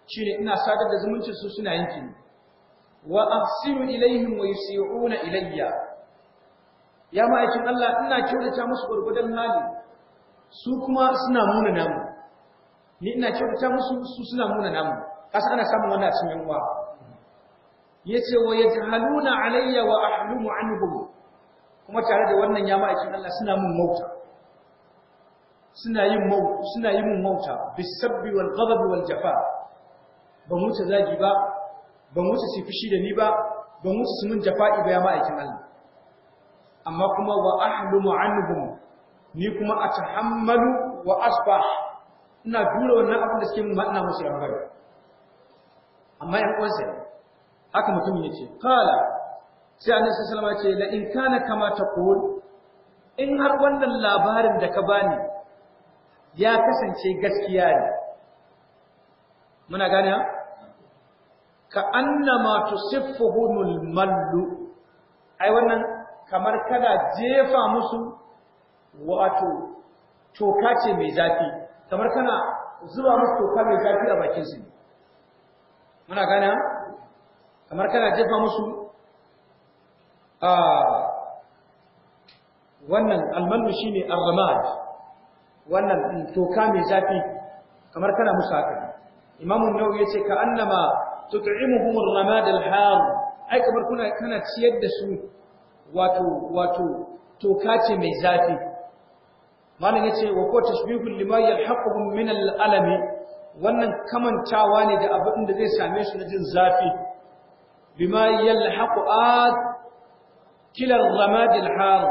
Speaker 1: shine ina sadar da zumuncinsu suna yanke ni wa ahsinu ilaihim wa yusi'una ilayya ya ma'aikin Allah ina kyautata musu gurgudan hali su kuma suna muna namu ni ina kyautata musu su suna muna namu kasa ana samun wannan cin cikin yace wa yajhaluna alayya wa ahlumu anhum kuma tare da wannan ya ma'aikin Allah suna mun mauta suna yin mau suna yin mun mauta bisabbi wal ghadab wal jafa ban wuce zagi ba ban wuce su fishi da ni ba ban wuce su mun jafa'i ba ya ma'aikin Allah amma kuma wa ahlumu anhum ni kuma a tahammalu wa asbah ina dura wannan abin da suke mun ma ina musu yambar amma yan uwansa ne haka mutum ya ce kala sai annabi sallallahu alaihi ce la in kana kama taqul in har wannan labarin da ka bani ya kasance gaskiya ne muna gane ha ka annama tusiffuhumul mallu ai wannan kamar kana jefa musu wato toka ce mai zafi kamar kana zuba musu toka mai zafi a bakin su muna gane kamar kana jefa musu a wannan almanu shine arramad wannan toka mai zafi kamar kana musu haka imamu nawawi yace ka annama tut'imuhum arramad alhar ai kamar kuna kana ciyar da su wato wato toka ce mai zafi malam ce wa ko tashbihul lima yalhaquhum min alalami wannan kamantawa ne da abin da zai same su na jin zafi bima yalhaqu ad kila ramad alhar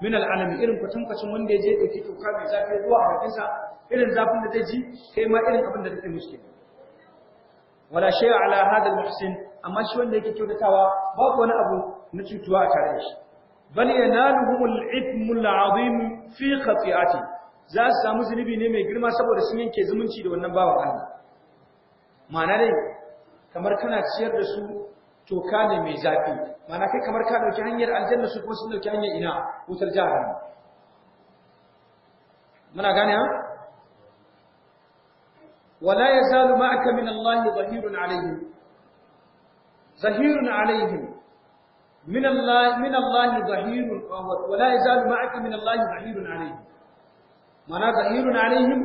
Speaker 1: min al'alam irin kwatankwacin wanda ya je dauki toka mai zafi zuwa irin zafin da zai ji kai ma irin abin da zai mushi wala shay ala hada almuhsin amma shi wanda yake kyautatawa babu wani abu na cutuwa a tare da shi bal yanaluhum al'ithmu al'azim fi khati'ati za su samu zunubi ne mai girma saboda sun yanke zumunci da wannan bawan Allah Mana dai kamar kana ciyar da su toka ne mai zafi mana kai kamar ka dauki hanyar aljanna su kuma sun dauki hanyar ina wutar jahannam muna gane ha wala yazalu ma'aka min Allah zahirun alaihim zahirun alaihim min Allah min Allah zahirun wala yazalu ma'aka min Allah zahirun alaihim mana zahirun alaihim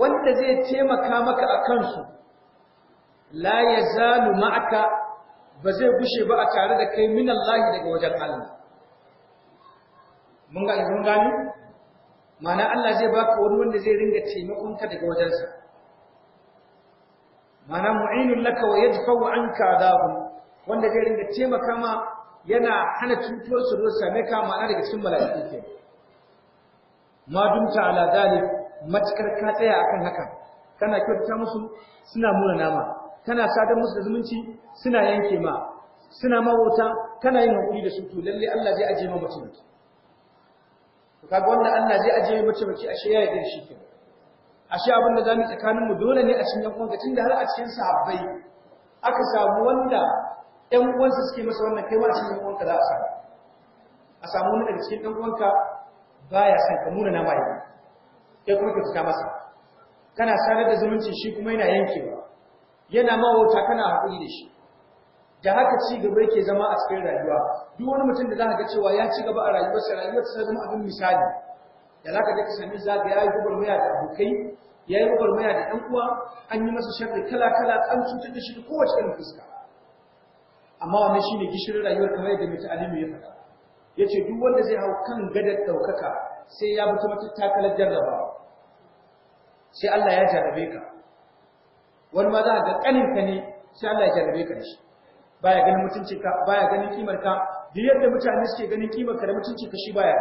Speaker 1: wanda zai taimaka maka akan su la yazalu ma'aka ba zai gushe ba a tare da kai min Allah daga wajen Allah mun ga mun gani ma'ana Allah zai baka wani wanda zai ringa taimakon ka daga wajensa ma'ana mu'inun laka wa yadfa'u anka adahu wanda zai ringa taimaka ma yana hana cutuwar su zo same ka ma'ana daga cikin mala'iku ke ma dumta ala matakar ka tsaya akan haka kana kyauta musu suna muna nama kana sadar musu da zumunci suna yanke ma suna mawauta kana yin hakuri da su to lalle Allah zai aje ma mutum to kaga wannan Allah zai aje ma mutum ki ashe ya yi shi ke ashe abin da zamu tsakanin mu dole ne a cikin yankun ga tunda har a cikin sahabbai aka samu wanda ɗan uwansa suke masa wannan kai ma a cikin yankon ka za a samu a samu wani daga cikin ɗan uwanka baya son ka muna na mai kai kuma ka fita masa kana sadar da zumunci shi kuma yana yankewa yana ma mawauta kana haƙuri da shi da haka ci gaba yake zama a cikin rayuwa duk wani mutum da zaka ga cewa ya ci gaba a rayuwarsa rayuwarsa ta zama abin misali da za ka je ka zaga ya yi gwagwarmaya da abokai yayi yi gwagwarmaya da ɗan uwa an yi masa sharri kala kala an cutar da shi kowace irin fuska amma wannan shine gishirin rayuwar kamar yadda mai ta'alimu ya faɗa ya ce duk wanda zai hau kan gadar ɗaukaka sai ya bi ta takalar jarrabawa sai Allah ya jarrabe ka wani ma za ka ga kaninka ne sai Allah ya jarrabe ka da shi baya ganin mutunci ka baya ganin kimar ka duk yadda mutane suke ganin kimar ka da mutunci ka shi baya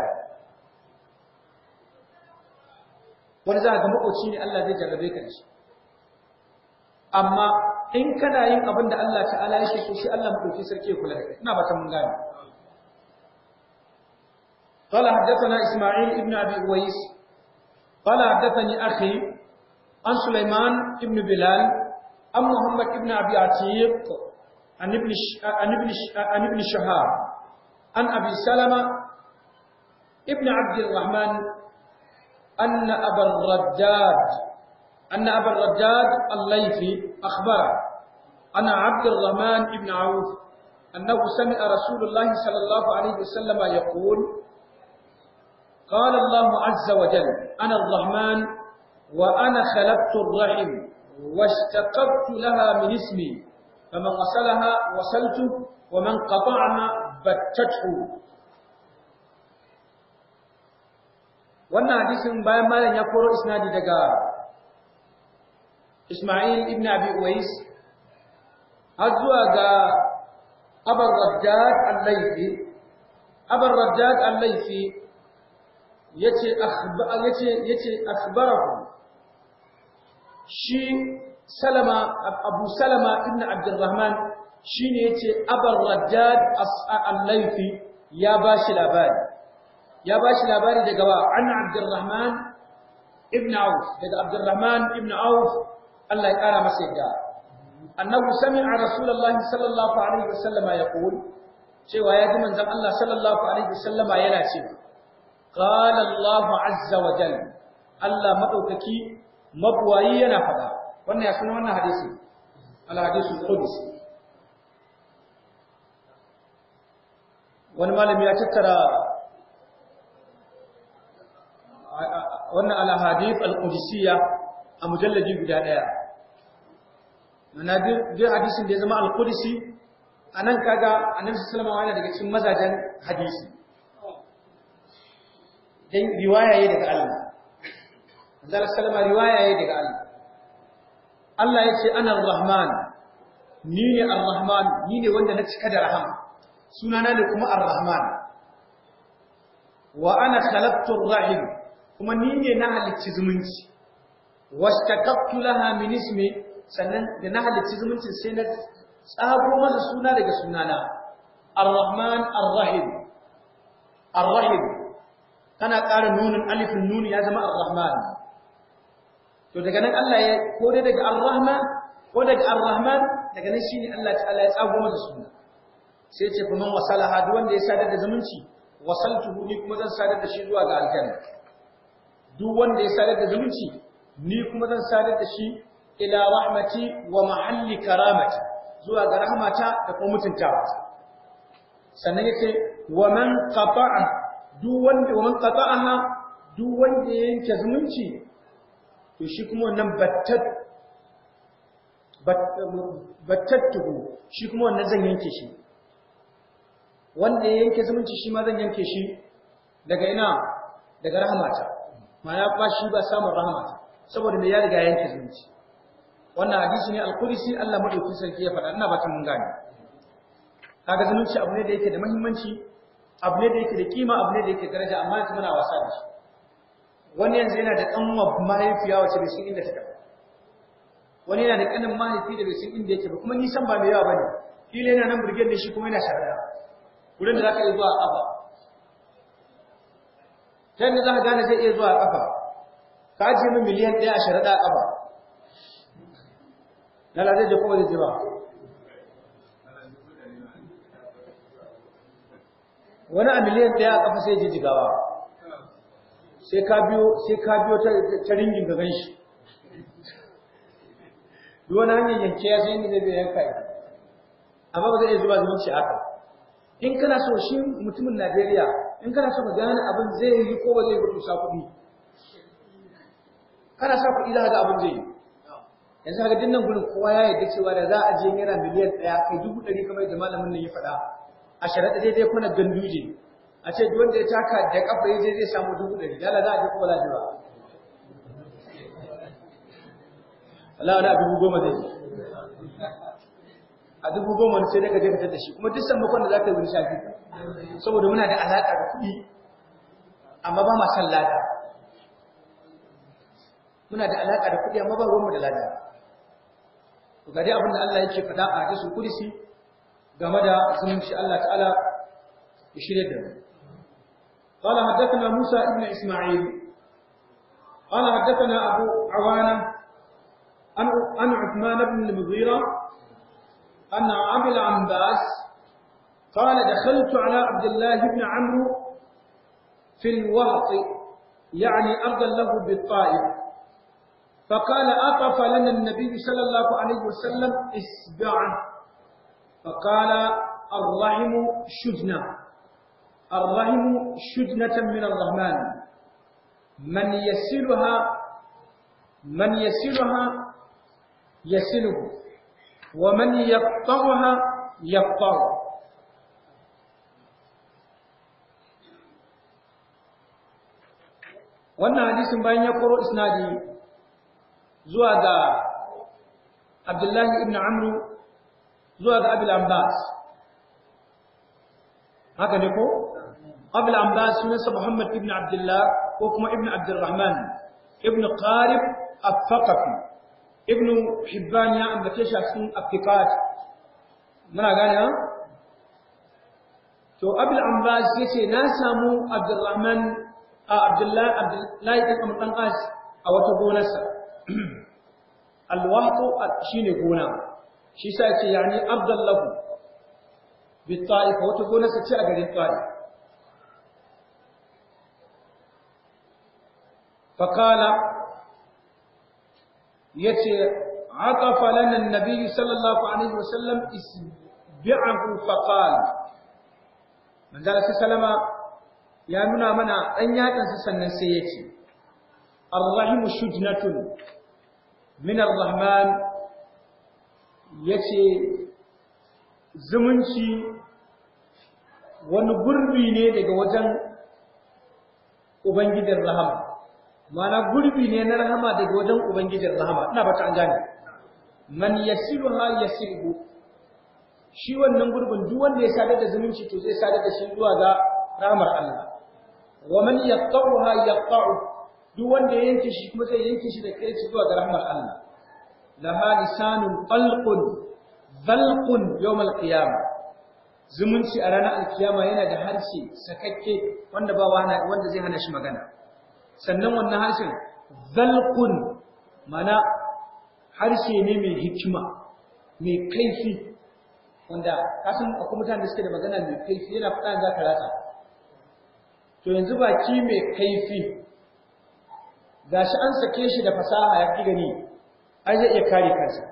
Speaker 1: wani za ka ga makoci ne Allah zai jarrabe ka da shi amma in kana yin abin da Allah ta'ala yake so shi Allah madauki sarki ya kula da kai ina ba ta mun gane قال حدثنا إسماعيل ابن أبي أويس قال حدثني أخي عن سليمان ابن بلال عن محمد بن أبي عتيق عن ابن عن ابن شهاب عن أبي سلمة ابن عبد الرحمن أن أبا الرداد أن أبا الرداد الليثي أخبره أن عبد الرحمن بن عوف أنه سمع رسول الله صلى الله عليه وسلم يقول قال الله عز وجل أنا الرحمن وأنا خلقت الرحم واشتققت لها من اسمي فمن وصلها وصلت ومن قطعنا بتته wannan hadisin bayan malam ya koro isnadi daga Ismail ibn Abi Uwais har zuwa ga Abar Raddad al-Laythi Abar al-Laythi yace yace yace shi salama abu salama ibn abdurrahman shi ne ya ce abar rajad al-laifi ya ba shi labari ya ba shi labari daga ba an abdurrahman ibn auf daga abdurrahman ibn auf Allah ya kara masa yadda annahu sami'a rasulullahi sallallahu alaihi wasallama yaqul cewa ya ji manzon Allah sallallahu alaihi wasallama yana cewa qala Allahu azza wa jalla Allah madaukaki mabuwayi yana faɗa wannan ya suna wannan hadisi al-hadisul qudsi wani malami ya tattara wannan al-hadith al-qudsiyya a mujallaji guda ɗaya. mana duk hadisin da ya zama al A nan kaga annabi sallallahu alaihi wasallam daga cikin mazajen hadisi dan riwaya daga Allah Allah sallama riwaya yayi daga Allah Allah yace ana Ar-Rahman ni ne Ar-Rahman ni ne wanda na cika da rahama sunana ne kuma Ar-Rahman wa ana khalaqtu ar-rahim kuma ni ne na halicci zumunci washtaqaqtu laha min ismi sannan da na halicci zumunci sai na tsago masa suna daga sunana Ar-Rahman Ar-Rahim Ar-Rahim kana ƙara nunin alifin nuni ya zama Ar-Rahman to daga nan Allah ya ko dai daga Ar-Rahman ko daga Ar-Rahman daga nan shine Allah ta'ala ya tsago masa suna sai ce kuma wasalaha duk wanda ya sadar da zumunci wasaltuhu ni kuma zan sadar da shi zuwa ga aljanna duk wanda ya sadar da zumunci ni kuma zan sadar da shi ila rahmati wa mahalli karamati zuwa ga rahmata da kuma mutuntawa sannan yace wa man qata'a duk wanda wa man qata'aha duk wanda ya yanke zumunci to shi kuma wannan battattuhu shi kuma wannan zan yanke shi wanda ya yanke zumunci shi ma zan yanke shi daga ina daga rahamata ma'ana ba shi ba samun rahamata saboda mai ya riga yanke zumunci wannan hadisi ne alkulisi Allah madaukakin sarki ya faɗa ina fatan mun gane kaga zumunci abu ne da yake da muhimmanci abu ne da yake da kima abu ne da yake daraja amma yanzu muna wasa da shi wani yanzu yana da wa mahaifiya wacce bai san inda take ba wani yana da kanin mahaifi da bai san inda yake ba kuma nisan ba mai yawa bane kila yana nan burgen da shi kuma yana sharada wurin da za ka iya zuwa a ƙafa ta yadda ka gane zai iya zuwa a ƙafa ka ajiye min miliyan ɗaya a sharada a ƙafa lala zai je kuma zai je ba wani a miliyan ɗaya a ƙafa sai je jigawa sai ka biyo sai ka biyo ta ringin ka ganshi duk wani hanyar yanke ya sai zai biya yanka ya amma ba zai iya zuba zumunci haka in kana so shi mutumin Najeriya in kana so ka gane abin zai yi ko ba zai yi sa kuɗi kana sa kuɗi za ka ga abin zai yi yanzu haka dinnan gurin kowa ya yarda cewa da za a je naira miliyan ɗaya kai dubu ɗari kamar da malamin nan ya faɗa a sharaɗa daidai kuna ganduje a ce duk wanda ya taka da kafa ya je zai samu dubu ɗari yala za a je kuma lafiya Allah wani a dubu goma zai je a dubu goma sai daga je fitar da shi kuma duk makon da za ka yi wani shafi saboda muna da alaƙa da kuɗi amma ba ma san lada muna da alaƙa da kuɗi amma ba ruwanmu da lada to ga dai abin da Allah yake faɗa a hadisul kursi game da shi Allah ta'ala ya shirya da mu قال حدثنا موسى ابن إسماعيل قال حدثنا أبو عوانة عن عثمان بن المغيرة أن عبد العباس قال دخلت على عبد الله بن عمرو في الورط يعني أرضا له بالطائف فقال أطف لنا النبي صلى الله عليه وسلم إسبعه فقال الرحم شذنه الرحم شدنة من الرحمن من يسلها من يسلها يسله ومن يقطعها يقطع وانا حديث بين يقرأ اسنادي زوادا عبد الله بن عمرو زوادا ابي العباس هكذا يقول abul abbas sunansa muhammad ibn abdullah ko kuma ibn abdurrahman ibn qarib al-thaqafi ibn hibban ya ambace shi a cikin aftiqat gane ha to abul abbas yace na samu abdurrahman a abdullah abdullahi ibn amr dan qas a wata gonarsa alwahqu shine gona shi sa ce yani abdallahu bi ta'ifa wata gonarsa ce a garin فقال يتي عطف لنا النبي صلى الله عليه وسلم اسبعه فقال من ذلك سلم يا منا منا أن يأتنس سنة سيتي الرحم شجنة من الرحمن يتي زمنشي ونبربي gurbi وجن daga Ubangijin Rahama. mana gurbi ne na rahama daga wajen ubangijin rahama ina ba ta an gane man yasiru ha yasiru shi wannan gurbin duk wanda ya sadar da zumunci to zai sadar da shi zuwa ga rahamar Allah wa man yaqta'uha yaqta'u duk wanda ya yanke shi kuma zai yanke shi da kai zuwa ga rahamar Allah laha lisanun qalqun zalqun yawm al-qiyamah zumunci a ranar alkiyama yana da harshe sakakke wanda ba wanda zai hana shi magana sannan wannan harshen zalkun mana harshe ne mai hikima mai kaifi wanda kasan akwai mutane da suke da magana mai kaifi yana faɗa za ka rasa to yanzu baki mai kaifi shi an sake shi da fasaha ya ƙi gani ai zai iya kare kansa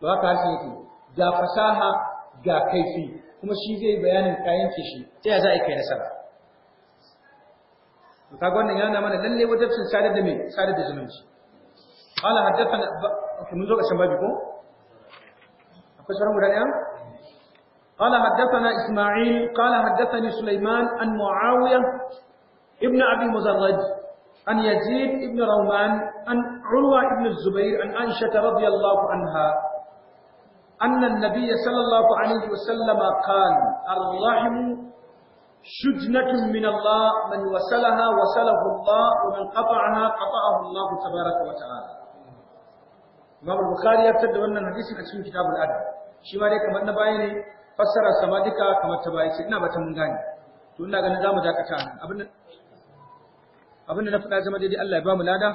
Speaker 1: to haka harshe yake ga fasaha ga kaifi kuma shi zai bayanin kayan kishi ta ya za a yi kai nasara to kaga wannan yana mana lalle wajibcin sadar da me sadar da zumunci qala haddathana mun zo قال حدثنا إسماعيل قال حدثني سليمان عن معاوية ابن أبي مزرج عن يزيد ابن رومان عن عروة ابن الزبير عن عائشة رضي الله عنها أن النبي صلى الله عليه وسلم قال الرحم شجنة من الله من وسلها وسله الله ومن قطعها قطعه الله تبارك وتعالى Imam Bukhari ya fitar da wannan hadisin a cikin Kitabul Adab shi ma dai kamar na baya ne fassara sama duka kamar ta baya ce ina ba ta mun gane to ina ganin zamu dakata abin abin da na faɗa zama daidai Allah ya ba mu lada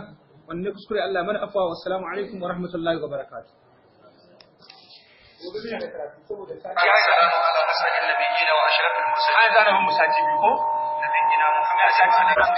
Speaker 1: wannan kuskure Allah mana afwa wa assalamu alaikum wa rahmatullahi wa barakatuh gobe ne da karatu saboda ta ya salamu ala asadin nabiyina wa ashraf an zana mu sati biyu ko na zai gina mu kamar a sati